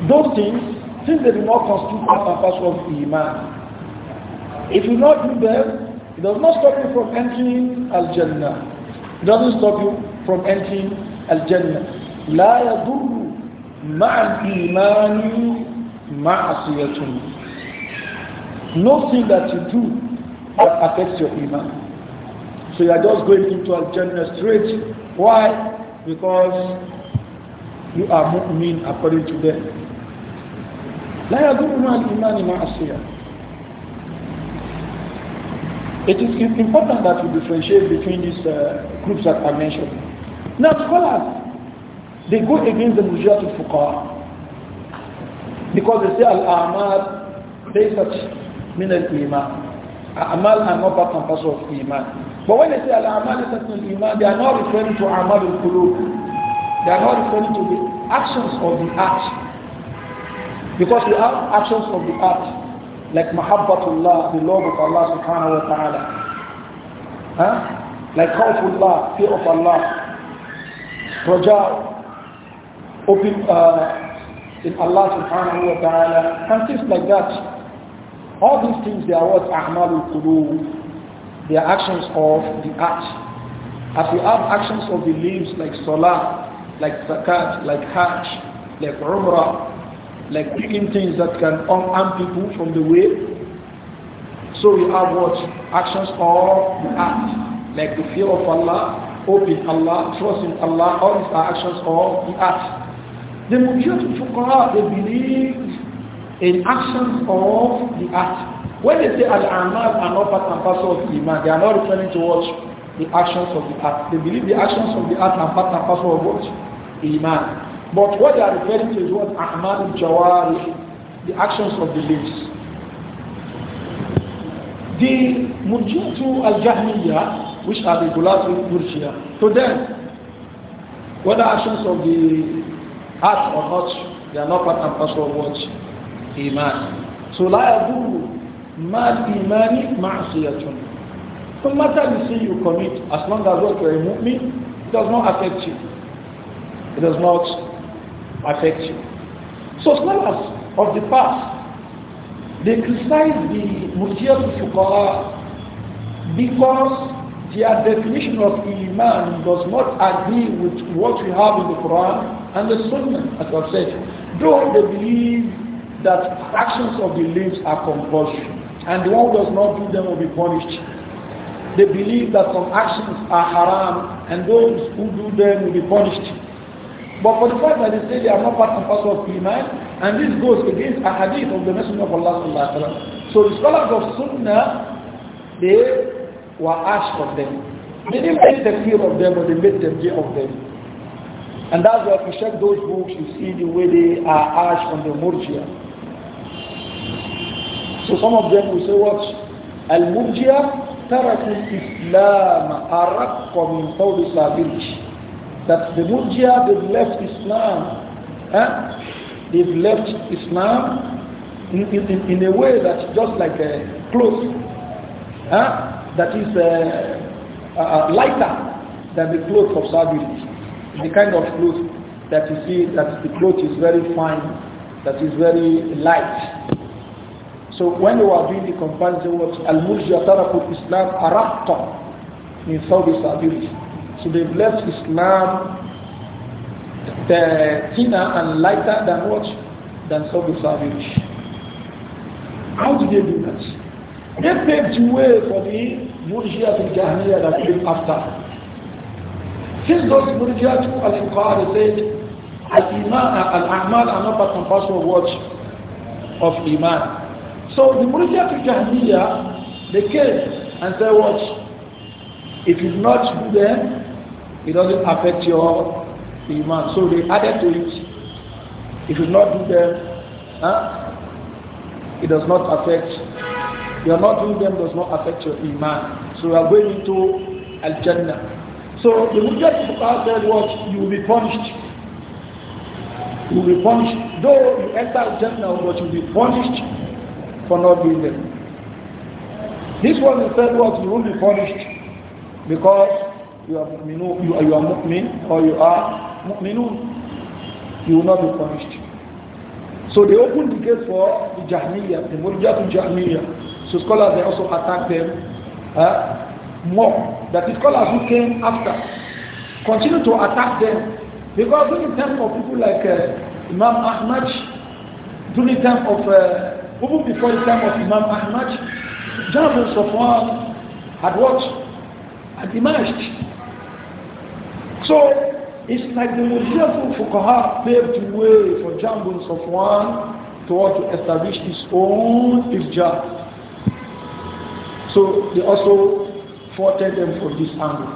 those things since they do not constitute part and parcel of Iman. If you not do them, it does not stop you from entering Al-Jannah. It doesn't stop you from entering Al-Jannah. لا يضر مع الإيمان معصية Nothing that you do that affects your iman. So you are just going into Al-Jannah straight. Why? Because you are mu'min according to them. لا يضر مع الإيمان معصية it is important that we differentiate between these uh, groups that I mentioned. Now scholars, they go against the Mujahid Fuqar because they say Al-A'mal laysat min al-Iman. A'mal are not part and parcel of Iman. But when they say Al-A'mal laysat min iman they are not referring to A'mal al-Qulub. They are not referring to the actions of the heart. Because we have actions of the heart like mahabbatullah, the love of Allah subhanahu wa ta'ala. Huh? Like khawfullah, fear of Allah. Raja, open uh, in Allah subhanahu wa ta'ala, and things like that. All these things, they are what a'malul qulub. They are actions of the heart. As we have actions of the limbs like salah, like zakat, like hajj, like umrah, like picking things that can harm people from the way. So we have what? Actions or acts, like the fear of Allah, hope in Allah, trust in Allah, all these are actions or the acts. The majority of fuqaha, they believe in actions of the act. When they say al-amal are not part and parcel of the iman, they are not referring to what? The actions of the act. They believe the actions of the act are part and parcel of what? The iman. But what they are referring to is what Ahmad al-Jawari, the actions of the lips. The mujtahid al-Jahmiyyah, which are the gulati Murjiya, to them, whether actions of the heart or not, they are not part and parcel of what? Iman. So la ما mal imani ma'asiyatun. No matter the sin you commit, as long as you are a mu'min, it does not affect you. It does not affect you. So scholars of the past, they criticize the Mutiyat Fuqara because their definition of Iman does not agree with what we have in the Quran and the Sunnah, as I've said. Though they believe that actions of the are compulsory and the one who does not do them will be punished. They believe that some actions are haram and those who do them will be punished. But for the fact that they say they are not part and parcel of Iman, and this goes against a hadith of the Messenger of Allah Sallallahu Alaihi Wasallam. So the scholars of Sunnah, they were asked of them. They didn't make the fear of them, but they made the fear of them. And that's why if you check those books, you see the way they are asked on the Murjia. So some of them will say, what? Al-Murjia تركوا الإسلام أرق من قول صابرش that the Mujahideen they've left Islam. Eh? They've left Islam in, in, in a way that's just like a cloth eh? that is eh, lighter than the cloth of Sabilis. The kind of cloth that you see that the cloth is very fine, that is very light. So when you are doing the comparison, what Al-Murjia Tarakul Islam Araqta in Saudi Arabia? So they've left Islam the thinner and lighter than what? Than Saudi Savage. How did they do that? They paved the way for the Murjia to Jahmiya that came after. Since those Murjia to Al they said, Al Iman, Al Ahmad are not but compassion of what? Of Iman. So the Murjia to Jahmiya, they came and said what? It is not them it doesn't affect your iman. So they added to it. If you not do them, huh? it does not affect. Your not doing them does not affect your iman. So you are going into al Jannah. So the Mujahid said what? You will be punished. You will be punished. Though you enter al Jannah, but you will be punished for not doing them. This one is said what? You will be punished because you are mu'minun, you are, you are mu'min or you are mu'minun, you will not be punished. So they opened the gates for the Jahmiyyah, the Murjatul Jahmiyyah. So scholars they also attacked them uh, more. That the scholars who came after continue to attack them because during the time of people like uh, Imam Ahmad, during the time of uh, even before the time of Imam Ahmad, Jonathan Safwan had watched, had emerged. So it's like the mujahidun Fuqaha paved the way for Jambul Safwan to want to establish his own ifjah. So they also fought them for this angle.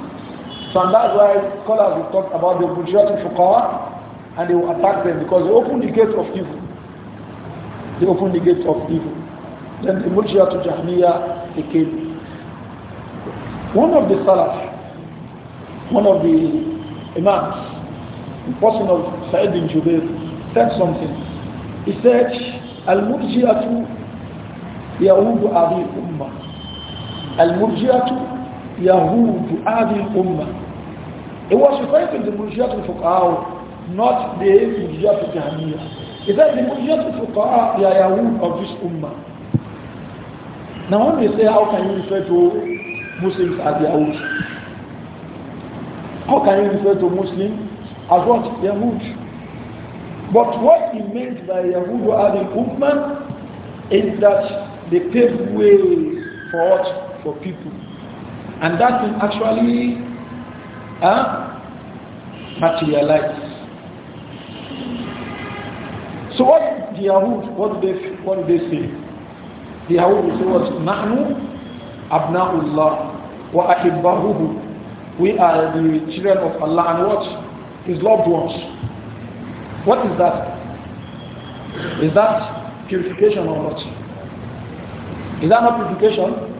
So and that's why scholars will talk about the mujahidun Fuqaha and they will attack them because they open the gate of evil. They open the gate of evil. Then the mujahidun jahmiya became came. One of the Salaf, one of the Imam, the person of Sa'id bin Jubair, said something. He said, Al-Murji'atu Yahudu Abi Umma." Al-Murji'atu Yahudu Abi Umma. It was referring to the Murji'atu Fuqa'u, not the Murji'atu Jahmiyyah. He said, the Murji'atu Fuqa'u, they are Yahud of this umma. Now when they say how can you refer to Muslims as Yahud? How can you refer to Muslim as what? Yahud. But what he meant by Yahud or Adam Ummah is that they pave way for what? For people. And that can actually uh, materialize. So what the Yahud, what do they, what do they say? The Yahud will say what? نحن أبناء الله we are the children of Allah and what? His loved ones. What is that? Is that purification or not? Is that not purification?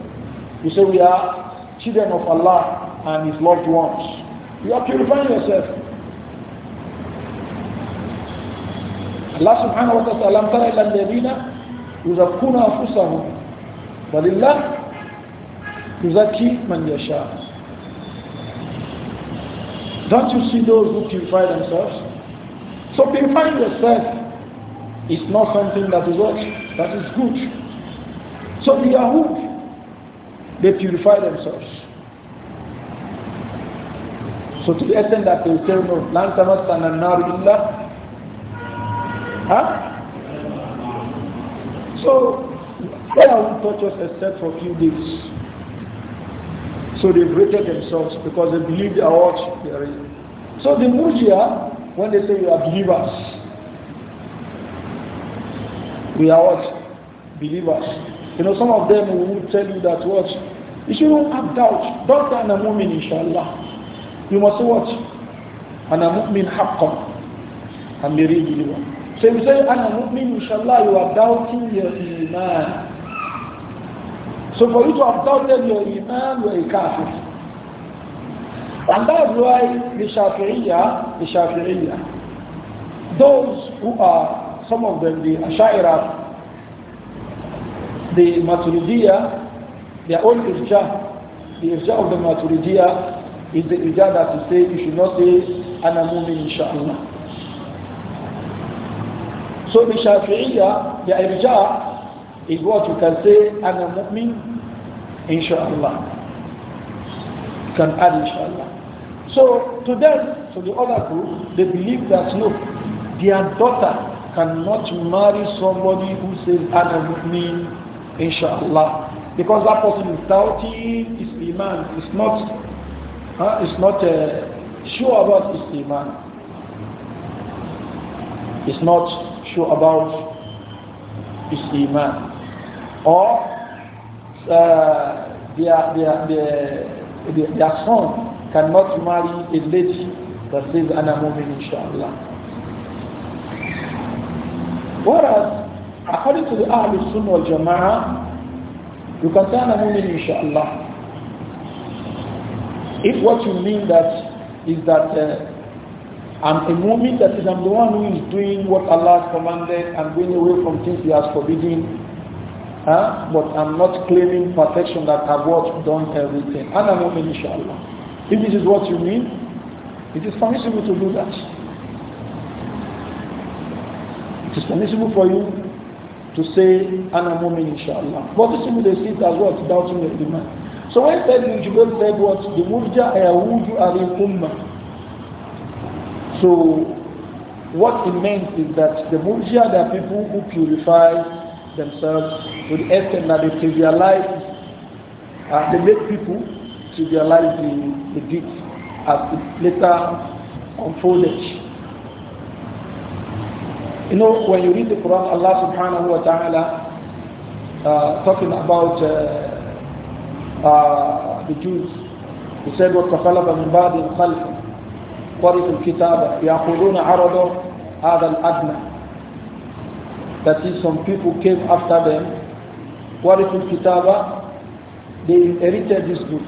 You say we are children of Allah and His loved ones. You are purifying yourself. Allah subhanahu wa ta'ala alam tara ila alladhina yuzakkuna anfusahum balillah yuzakki man yasha don't you see those who purify themselves? So purifying yourself is not something that is what? That is good. So the Yahud, they purify themselves. So to the extent that they will tell no, لَنْ and النَّارُ Huh? So, where will touch us except for a few days? So they've rated themselves because they believe they are what So the Murjia, when they say you are believers, we are what? Believers. You know, some of them will tell you that what? You shouldn't have doubt. Don't a mu'min, inshallah. You must say what? And a mu'min haqqan. I'm a real believer. So you say, and a mu'min, inshallah, you are doubting your iman. So for you to have doubted your Iman, you are a kafir. And that's why the Shafi'iyya, the Shafi'iyya, those who are, some of them, the Ash'ira, the Maturidiyya, their own irja, the irja of the Maturidiyya is the irja that to say, you should not say, ana mumin insha'Allah. So the Shafi'iyya, the irja is what you can say, I'm a mu'min, inshallah. You can add inshallah. So to them, to the other group, they believe that no, their daughter cannot marry somebody who says, I'm a mu'min, inshallah. Because that person is doubting his iman, is not, huh, is not uh, sure about his iman. Is not sure about his iman or uh, their, their, their, their son cannot marry a lady that says ana mu'min inshallah. Whereas, according to the Ahlul Sunnah wal Jama'ah, you can say ana mu'min inshallah. If what you mean that is that uh, I'm a moment that is I'm the one who is doing what Allah has commanded and going away from things He has forbidden. Huh? But I'm not claiming perfection that I've what done everything. And I'm open, inshallah. If this is what you mean, it is permissible to do that. It is permissible for you to say, and I'm open, inshallah. But this people they see it as what? Doubting the demand. So when said Jibril said what? The ayahuju are in Ummah. So what it meant is that the Murja, there are people who purify themselves to the extent that they trivialize, uh, they make people trivialize the, the deed as it later unfolded. You know, when you read the Quran, Allah subhanahu wa ta'ala uh, talking about uh, uh, the Jews, he said, وَاتَّخَلَفَ مِنْ بَعْدِ الْخَلْفِ قَرِفُ الْكِتَابَ يَأْخُذُونَ عَرَضَ هَذَا الْأَدْنَى that is, some people came after them. Warithul Kitaba, they inherited this book.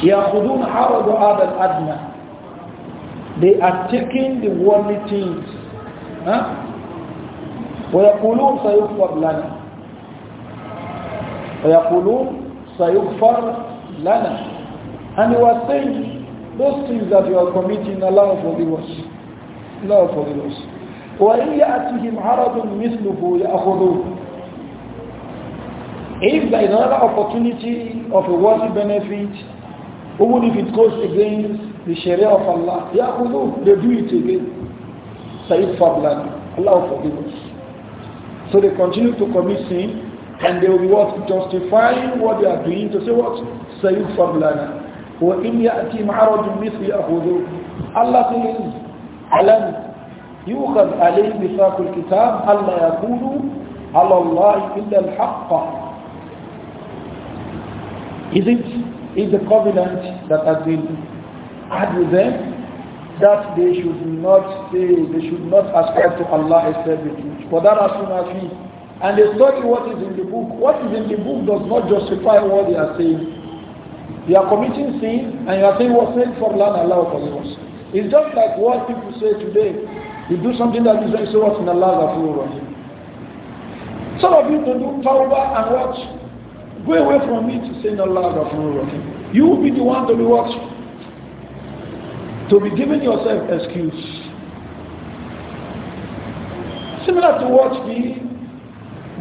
يَأْخُذُونَ عَرَضُ عَرَضَ الْأَدْنَى They are taking the worldly things. Huh? ويقولون سيغفر لنا ويقولون سيغفر لنا and you are saying those things that you are committing are not forgive us Allah وإن يأتهم عرض مثله يأخذوه If there is another opportunity of a worthy benefit, even if it goes against the Sharia of Allah, يأخذوه, they do it again. Sayyid Fadlan, Allah forgive us. So they continue to commit sin and they will be what? Justifying what they are doing to say what? Sayyid Fadlan. وَإِنْ يَأْتِهِمْ مَعْرُضٌ مِثْلِ أَخُذُوهُ Allah says, أَلَمْ يؤخذ عليه بساق الكتاب ألا يقولوا على الله إلا الحق Is it is the covenant that has been had with them that they should not say, they should not ascribe to Allah except the truth. For that as soon as we, and they study what is in the book. What is in the book does not justify what they are saying. They are committing sin and you are saying what's said for Allah and Allah for us. It's just like what people say today. You do something that is so what in Allah Rahim. Some of you don't do tawbah and watch. Go away from me to say in Allah Rahim. You will be the one to be watched. To be giving yourself excuse. Similar to what the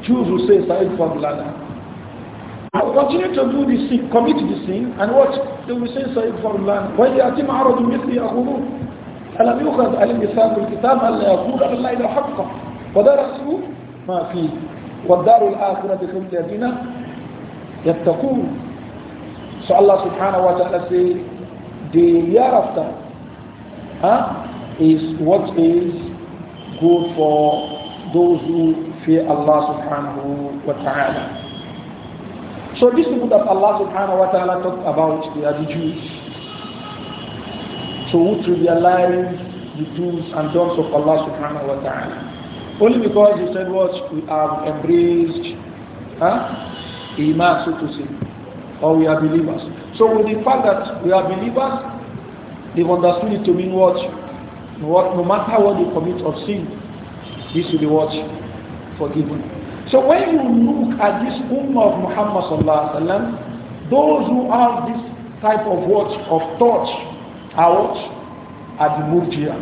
Jews will say Sa'id Fadlana. I will continue to do this sin, commit this sin, and what they will say Sa'id Fadlana. وَيَأْتِمْ عَرَضُ مِثْلِ أَخُذُهُ فلم يخذ الانسان بالكتاب الا يقول الا الى حقه ودرسوا ما فيه والدار الاخره بكم تهدينا يتقون سو الله سبحانه وتعالى سي دي يرفت ها is what is good for those who fear Allah subhanahu wa ta'ala. So this is what Allah subhanahu wa ta'ala talked about the Jews. So who to realize the do's and don'ts of Allah subhanahu wa ta'ala. Only because he said what we have embraced huh? Iman so to say. Or we are believers. So with the fact that we are believers, they've understood it to mean what? what no matter what they commit of sin, this will be what? Forgiven. So when you look at this ummah of Muhammad sallallahu alaihi wasallam, those who have this type of words Of thought are what? Are the Muftiya.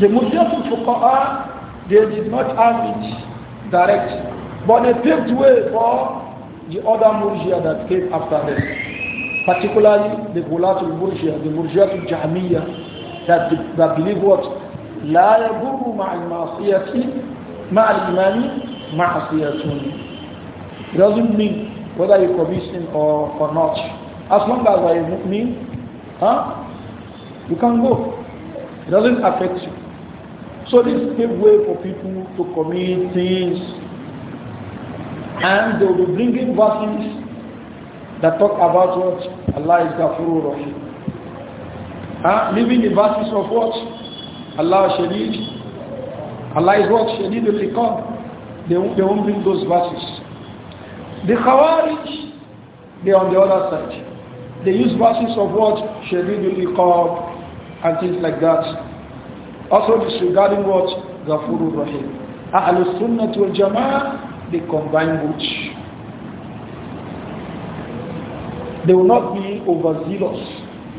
The Muftiya Fuqaha, they did not have it direct, but they paved way for the other Murjiya that came after them. Particularly the Gulatul Murjiya, the of Jahmiya, that, that believe what? لا يضر مع المعصية مع الإيمان معصية. It doesn't mean whether you commit sin or, or not. As long as I am mu'min, Huh? You can go. It doesn't affect you. So this gave way for people to commit things. And they will be bringing verses that talk about what Allah is Ghafurur Rahim. Huh? Leaving the verses of what? Allah Shadid. Allah is what? Shadid al come. They, they won't bring those verses. The Khawarij, they are on the other side. They use verses of what? Shadidul Iqab and things like that. Also disregarding what? Ghafurur Rahim. Ahlul Sunnah wal Jama'ah, they combine which. They will not be overzealous.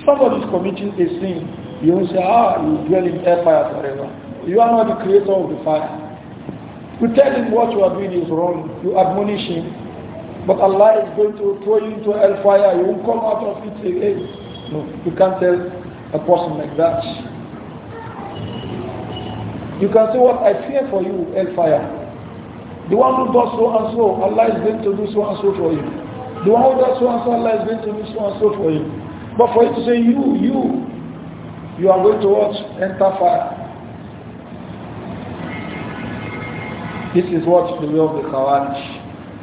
Somebody is committing a sin. You will say, ah, you dwell in hellfire forever. You are not the creator of the fire. You tell him what you are doing is wrong. You admonish him. But Allah is going to throw you into hellfire. You won't come out of it again. No, you can't tell a person like that. You can say, what I fear for you, hellfire. The one who does so and so, Allah is going to do so and so for you. The one who does so and so, Allah is going to do so and so for you. But for you to say, you, you, you are going to watch enter fire. This is what the way of the Khawarij.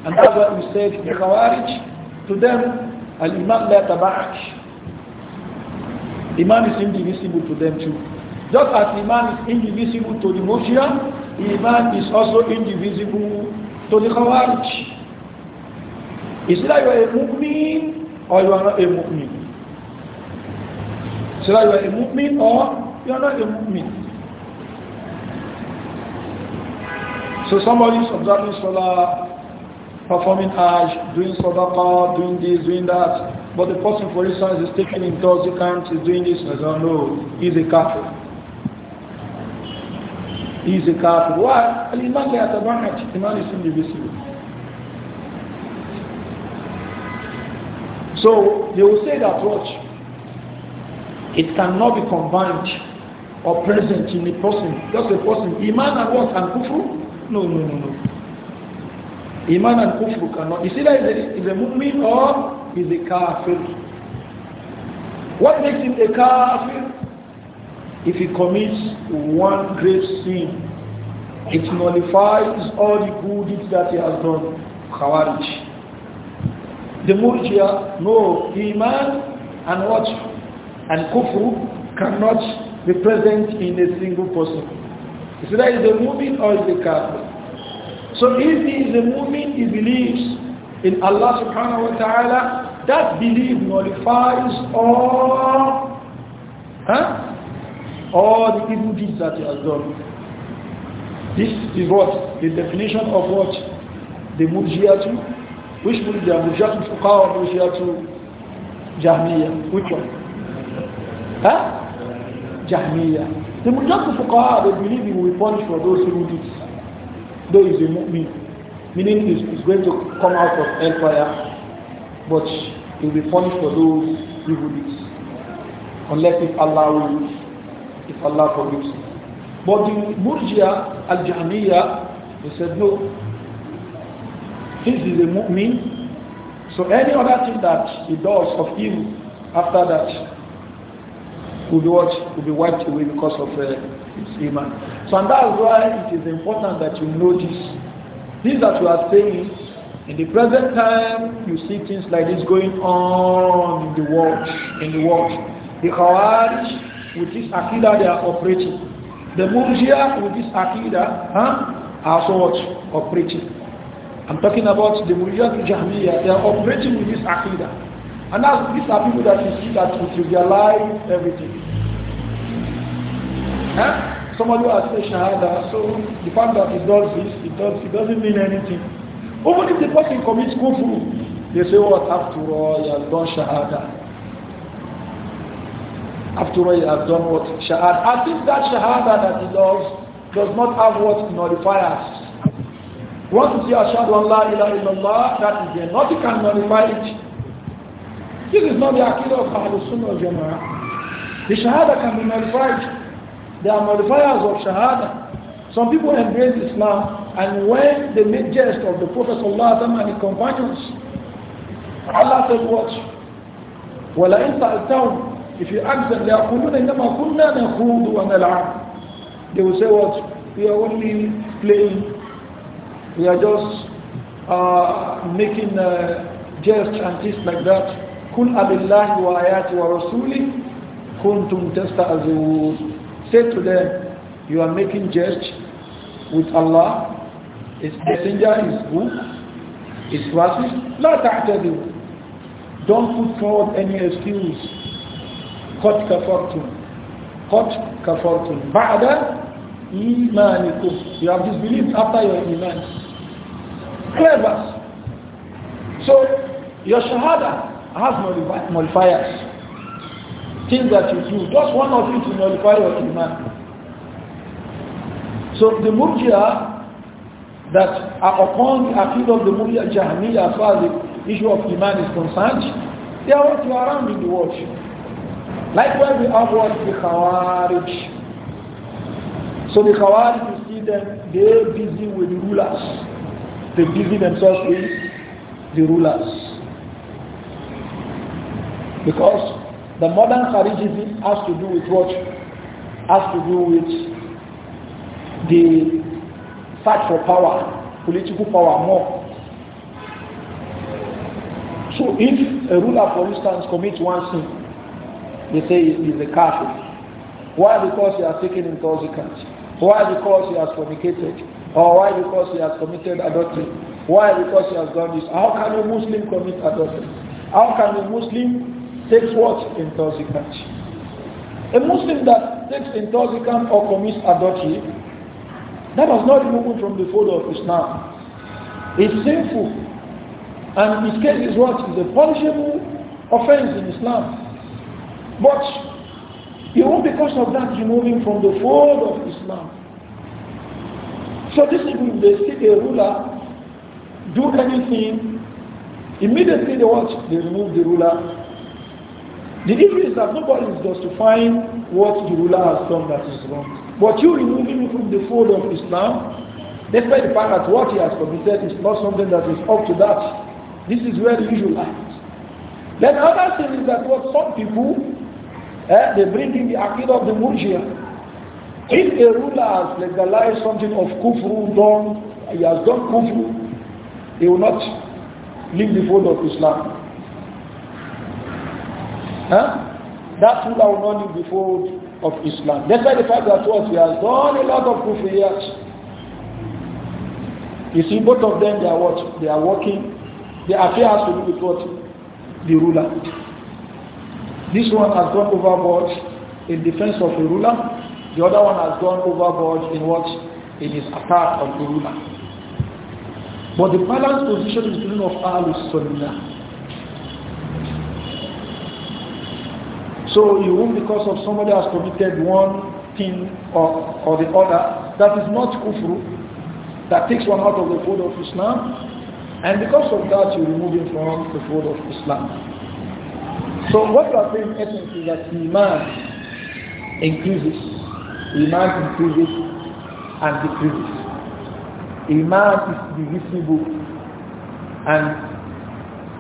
And that's what we said, the Khawarij, to them, Al-Iman la taba'ak. Iman is indivisible to them too. Just as Iman is indivisible to the Murjia, Iman is also indivisible to the Khawarij. it like you are a mu'min or you are not a mu'min. So that you are a mu'min or you are not a mu'min. So somebody is observing Salah performing hajj, doing sadaqah, doing this, doing that. But the person, for instance, is taking intoxicants, is doing this, I don't know, he's a kafir. He's a kafir. Why? Al-Iman la Iman is indivisible. So, they will say that, watch, it cannot be combined or present in a person, just a person. Iman and what? And kufu? No, no, no, no. Iman and kufr cannot. It's either is a, is a mu'min or is a kafir. What makes him a kafir? If he commits one grave sin, it nullifies all the good deeds that he has done. Khawarij. The Murjia, no, Iman and what? And kufr cannot be present in a single person. It's that is a mu'min or is a kafir. So if he is a mu'min, he believes in Allah subhanahu wa ta'ala, that belief nullifies all, huh? all the evil deeds that he has done. This is what? The definition of what? The mujiyatu. Which mujiyatu? Mujiyatu fuqawa, mujiyatu jahmiya. Which one? Huh? Jahmiya. The mujiyatu fuqawa, they believe he will be punished for those evil deeds though he's a mu'min, meaning he's, he's going to come out of hellfire, but he'll be punished for those evil deeds, unless if Allah will, if Allah forgives him. But the Murjia al-Jahmiya, they said no, this is a mu'min, so any other thing that he does of evil after that will be will be wiped away because of uh, his iman. So and that is why it is important that you notice. Things that you are saying, in the present time, you see things like this going on in the world. In the world. The Khawarij, with this Akida, they are operating. The Murjia, with this Akida, huh, are somewhat operating. I'm talking about the Murjia to Jahmiya, they are operating with this Akida. And that's, these are people that you see that their life, everything. Huh? Somebody has said Shahada, so the fact that he does this, he does, it doesn't mean anything. Even if the person commits kufru, they say, what, oh, after all, he has done Shahada. After all, he has done what? Shahada. As if that Shahada that he does does not have what nullifiers. Once you see Ashadu Allah ilaha illallah, that is there. Nothing can nullify it. This is not the akidah of Ahlul Sunnah jama'a. The Shahada can be nullified. They are modifiers of Shahada. Some people embrace Islam and when they make jest of the Prophet ﷺ and his companions, Allah said what? وَلَئِنْ تَعْتَوْنَ If you ask them, لَيَقُولُونَ إِنَّمَا كُنَّا نَخُوضُ وَنَلْعَبُ They will say what? We are only playing. We are just uh, making uh, jest and things like that. قل أب الله وآياته ورسوله كنتم تستأذون said to them, you are making jest with Allah, His messenger, His book, His verses. La ta'tadu. Don't put forward any excuse. Qad kafartum. Qad kafartum. Ba'da imanikum. You have disbelieved after your iman. Clever. So, your shahada has modifiers things that you do. Just one of it will nullify your iman. So the Mujahid that are upon the appeal of the Mujahid jahmiya as far as the issue of iman is concerned, they are what you are around in the world. Likewise, we have what the khawarij. So the khawarij, you see them, they're busy with the rulers. They busy themselves with the rulers. Because the modern Kharijism has to do with what? Has to do with the fight for power, political power more. So if a ruler, for instance, commits one sin, they say he's a kafir. Why? Because he has taken intoxicants. Why? Because he has fornicated. Or why? Because he has committed adultery. Why? Because he has done this. How can a Muslim commit adultery? How can a Muslim takes what? Intoxicant. A Muslim that takes intoxicant or commits adultery, that not removed from the fold of Islam. It's sinful. And his case is what? Is a punishable offense in Islam. But you won't because of that Removing from the fold of Islam. So this is if they see a ruler do anything, immediately they watch, they remove the ruler the issue is that nobody is justifying what the ruler has done that is wrong. But you removing him from the fold of Islam, despite the fact that what he has committed is not something that is up to that. This is where the issue lies. Then other thing is that what some people, eh, they bring in the akid of the murjia. If a ruler has legalized something of kufru done, he has done kufru, he will not leave the fold of Islam. Huh? That ruler will not leave of Islam. Despite the fact that what he has done a lot of kufriyat. You see, both of them, they are what? They are working. The affair has to do with what? The ruler. This one has gone overboard in defense of the ruler. The other one has gone overboard in what? In his attack on the ruler. But the balanced position is the of Ahlus Sunnah. So you won't because of somebody has committed one thing or, or the other. That is not kufru. That takes one out of the fold of Islam. And because of that, you remove him from the fold of Islam. So what you are saying essence is that Iman increases. Iman increases and decreases. Iman is divisible and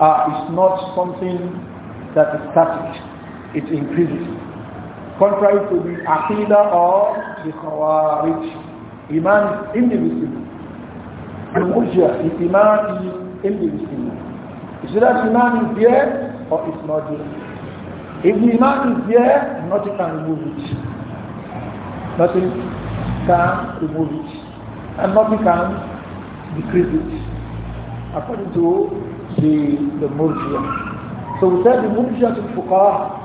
uh, not something that is static it increases. Contrary to the Aqidah or the Khawarij, Iman is indivisible. The Murjia, the Iman is indivisible. So that Iman is there or it's not there. If the Iman is there, nothing can remove it. Nothing can remove it. And nothing can decrease it. According to the, the Murjia. So we said the Murjia to Fuqah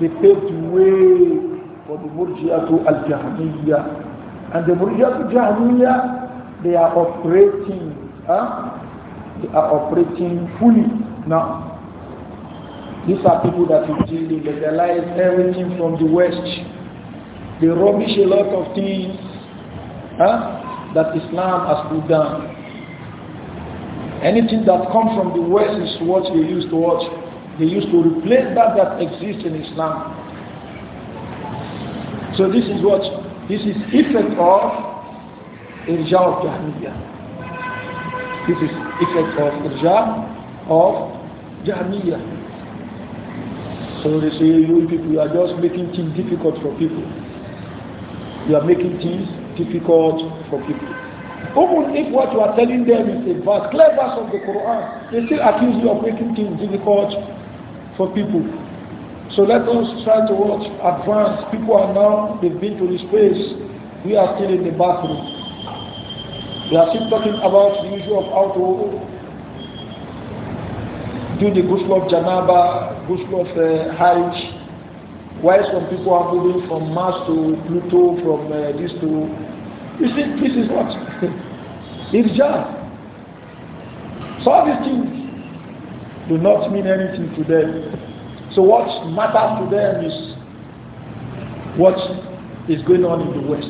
they paved the way for the Murjiatu al jahmiya And the Murjiatu jahmiya they are operating, huh? they are operating fully now. These are people that will legalize everything from the West. They rubbish a lot of things huh, that Islam has put down. Anything that comes from the West is what they use to watch they used to replace that that exists in Islam. So this is what, this is effect of Irja of Jahmiyyah. This is effect of Irja of Jahmiyyah. So they say, you people, you are just making things difficult for people. You are making things difficult for people. Even if what you are telling them is a verse, clear verse of the Quran, they still accuse you of making things difficult for people. So let us try to watch advance. People are now, they've been to the space. We are still in the bathroom. We are still talking about the issue of how to do the ghusl of Janaba, ghusl of uh, Hajj. Why some people are moving from Mars to Pluto, from uh, this to... You see, this is what? it's just. So all these things do not mean anything to them. So what matters to them is what is going on in the West,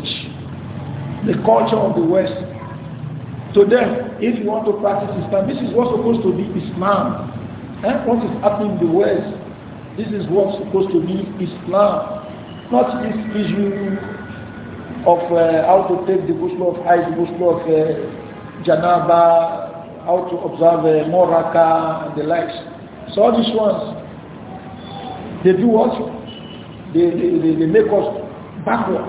the culture of the West. To them, if you want to practice Islam, this is what's supposed to be Islam. And eh? what is happening in the West, this is what's supposed to be Islam. Not this issue of uh, how to take the ghusl of high, the of uh, janaba, how to observe uh, Moraka and the likes. So all these ones, they do what? They, they, they, make us backward.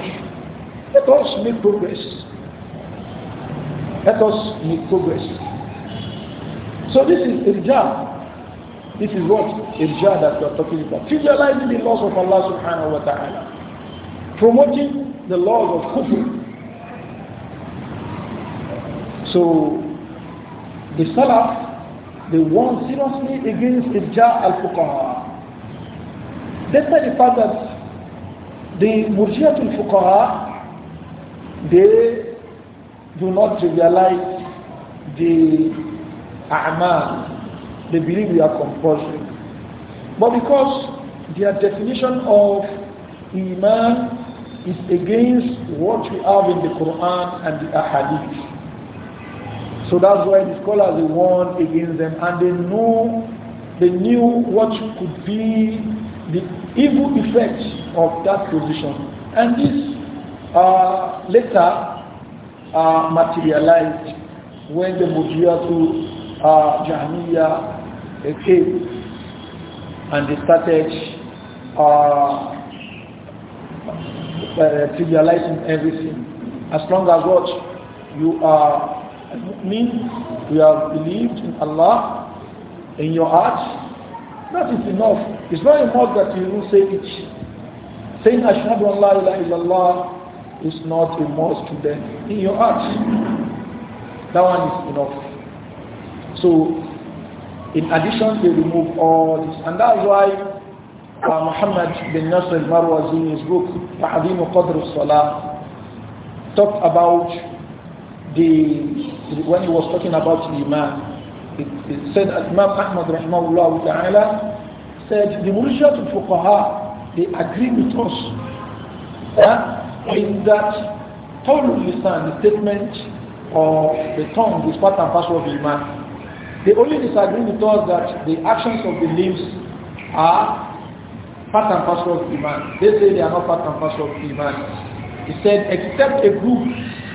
Let us make progress. Let us make progress. So this is irja. This is what irja that we are talking about. Visualizing the laws of Allah subhanahu wa ta'ala. Promoting the laws of kufr. So the Salaf, they warn seriously against Irja al-Fuqaha. Despite the fact that the Murjiyat al-Fuqaha, they do not realize the A'mal. They believe we are compulsory. But because their definition of Iman is against what we have in the Quran and the Ahadith. So that's why the scholars warned against them and they knew they knew what could be the evil effects of that position. And this uh, later uh, materialized when the Mujiyatu uh, Jahmiya uh, came and they started uh, uh, trivializing everything. As long as what you are Means we have believed in Allah in your heart. That is enough. It's not enough that you will say it. Saying Ashhadu an la ilaha illallah is not a must to them. In your heart. That one is enough. So in addition they remove all this. And that's why uh, Muhammad bin Nasr al-Marwazi in his book Ta'adinu Qadr al-Salah talked about the, when he was talking about the Imam, it, it said Imam Ahmad rahimahullah ta'ala said the Murjiyat al-Fuqaha they agree with us uh, in that Tawlul Lisan, the statement of the tongue is part and parcel of the Iman. They only disagree with us that the actions of the limbs are part and parcel of Iman. They say they are not part and parcel of Iman. He said, except a group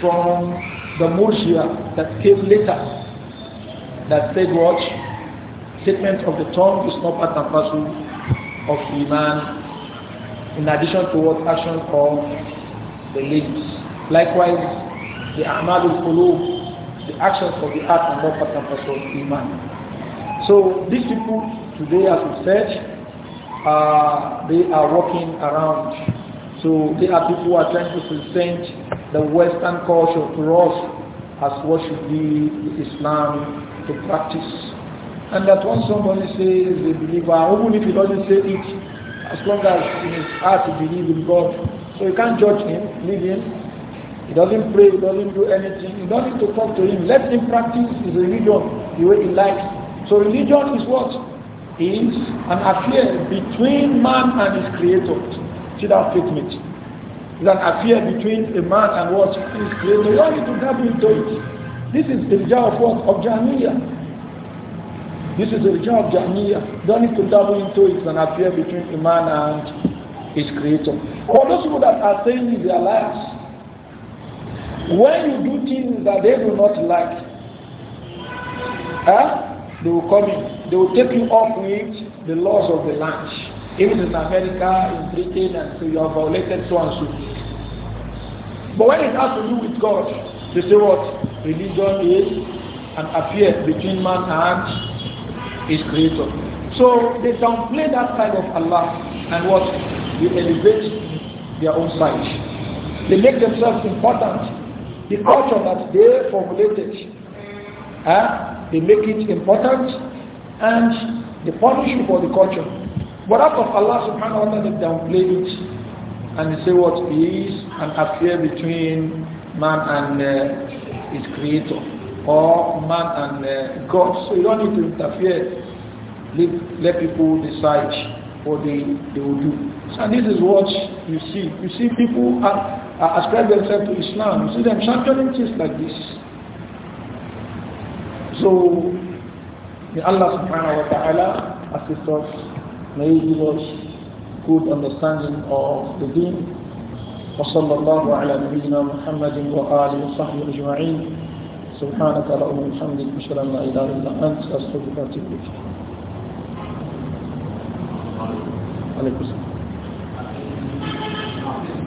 from the Murjia that came later that said what? Statement of the tongue is not part and parcel of Iman in addition to what action of the limbs. Likewise, the Ahmadul follow the actions of the heart and not part and parcel of Iman. So these people today, as we said, uh, they are walking around so there are people who are trying to present the Western culture to us as what should be Islam to practice. And that when somebody says a believer, even if he doesn't say it, as long as in his heart he believes in God, so you can't judge him, leave him. He doesn't pray, he doesn't do anything, you don't need to talk to him. Let him practice his religion the way he likes. So religion is what? Is an affair between man and his creator. See that statement. It's an affair between a man and what is created. Why did you have into it? This is the jar of what? Of Jamia. This is the jar of Jamia. Don't need to double into it. It's an affair between a man and his creator. Or those people that are saying is their lives. When you do things that they do not like, huh? they will come in. They will take you up with the laws of the land even in America, in Britain, and so you have violated so and so. But when it has to do with God, they say what? Religion is an affair between man and his creator. So they downplay that side of Allah and what? They elevate their own side. They make themselves important. The culture that they formulated, eh, they make it important and they punish you for the culture. But out of Allah subhanahu wa ta'ala they downplay it and they say what is an affair between man and uh, his creator or man and uh, God. So you don't need to interfere. Let, let people decide what they, they will do. And this is what you see. You see people are, are ascribe themselves to Islam. You see them championing things like this. So may Allah subhanahu wa ta'ala assist us May He give us good understanding of the deen. وصلى الله على نبينا محمد وآله وصحبه أجمعين سبحانك اللهم وبحمدك أشهد أن لا إله إلا أنت أستغفرك وأتوب إليك. عليكم السلام.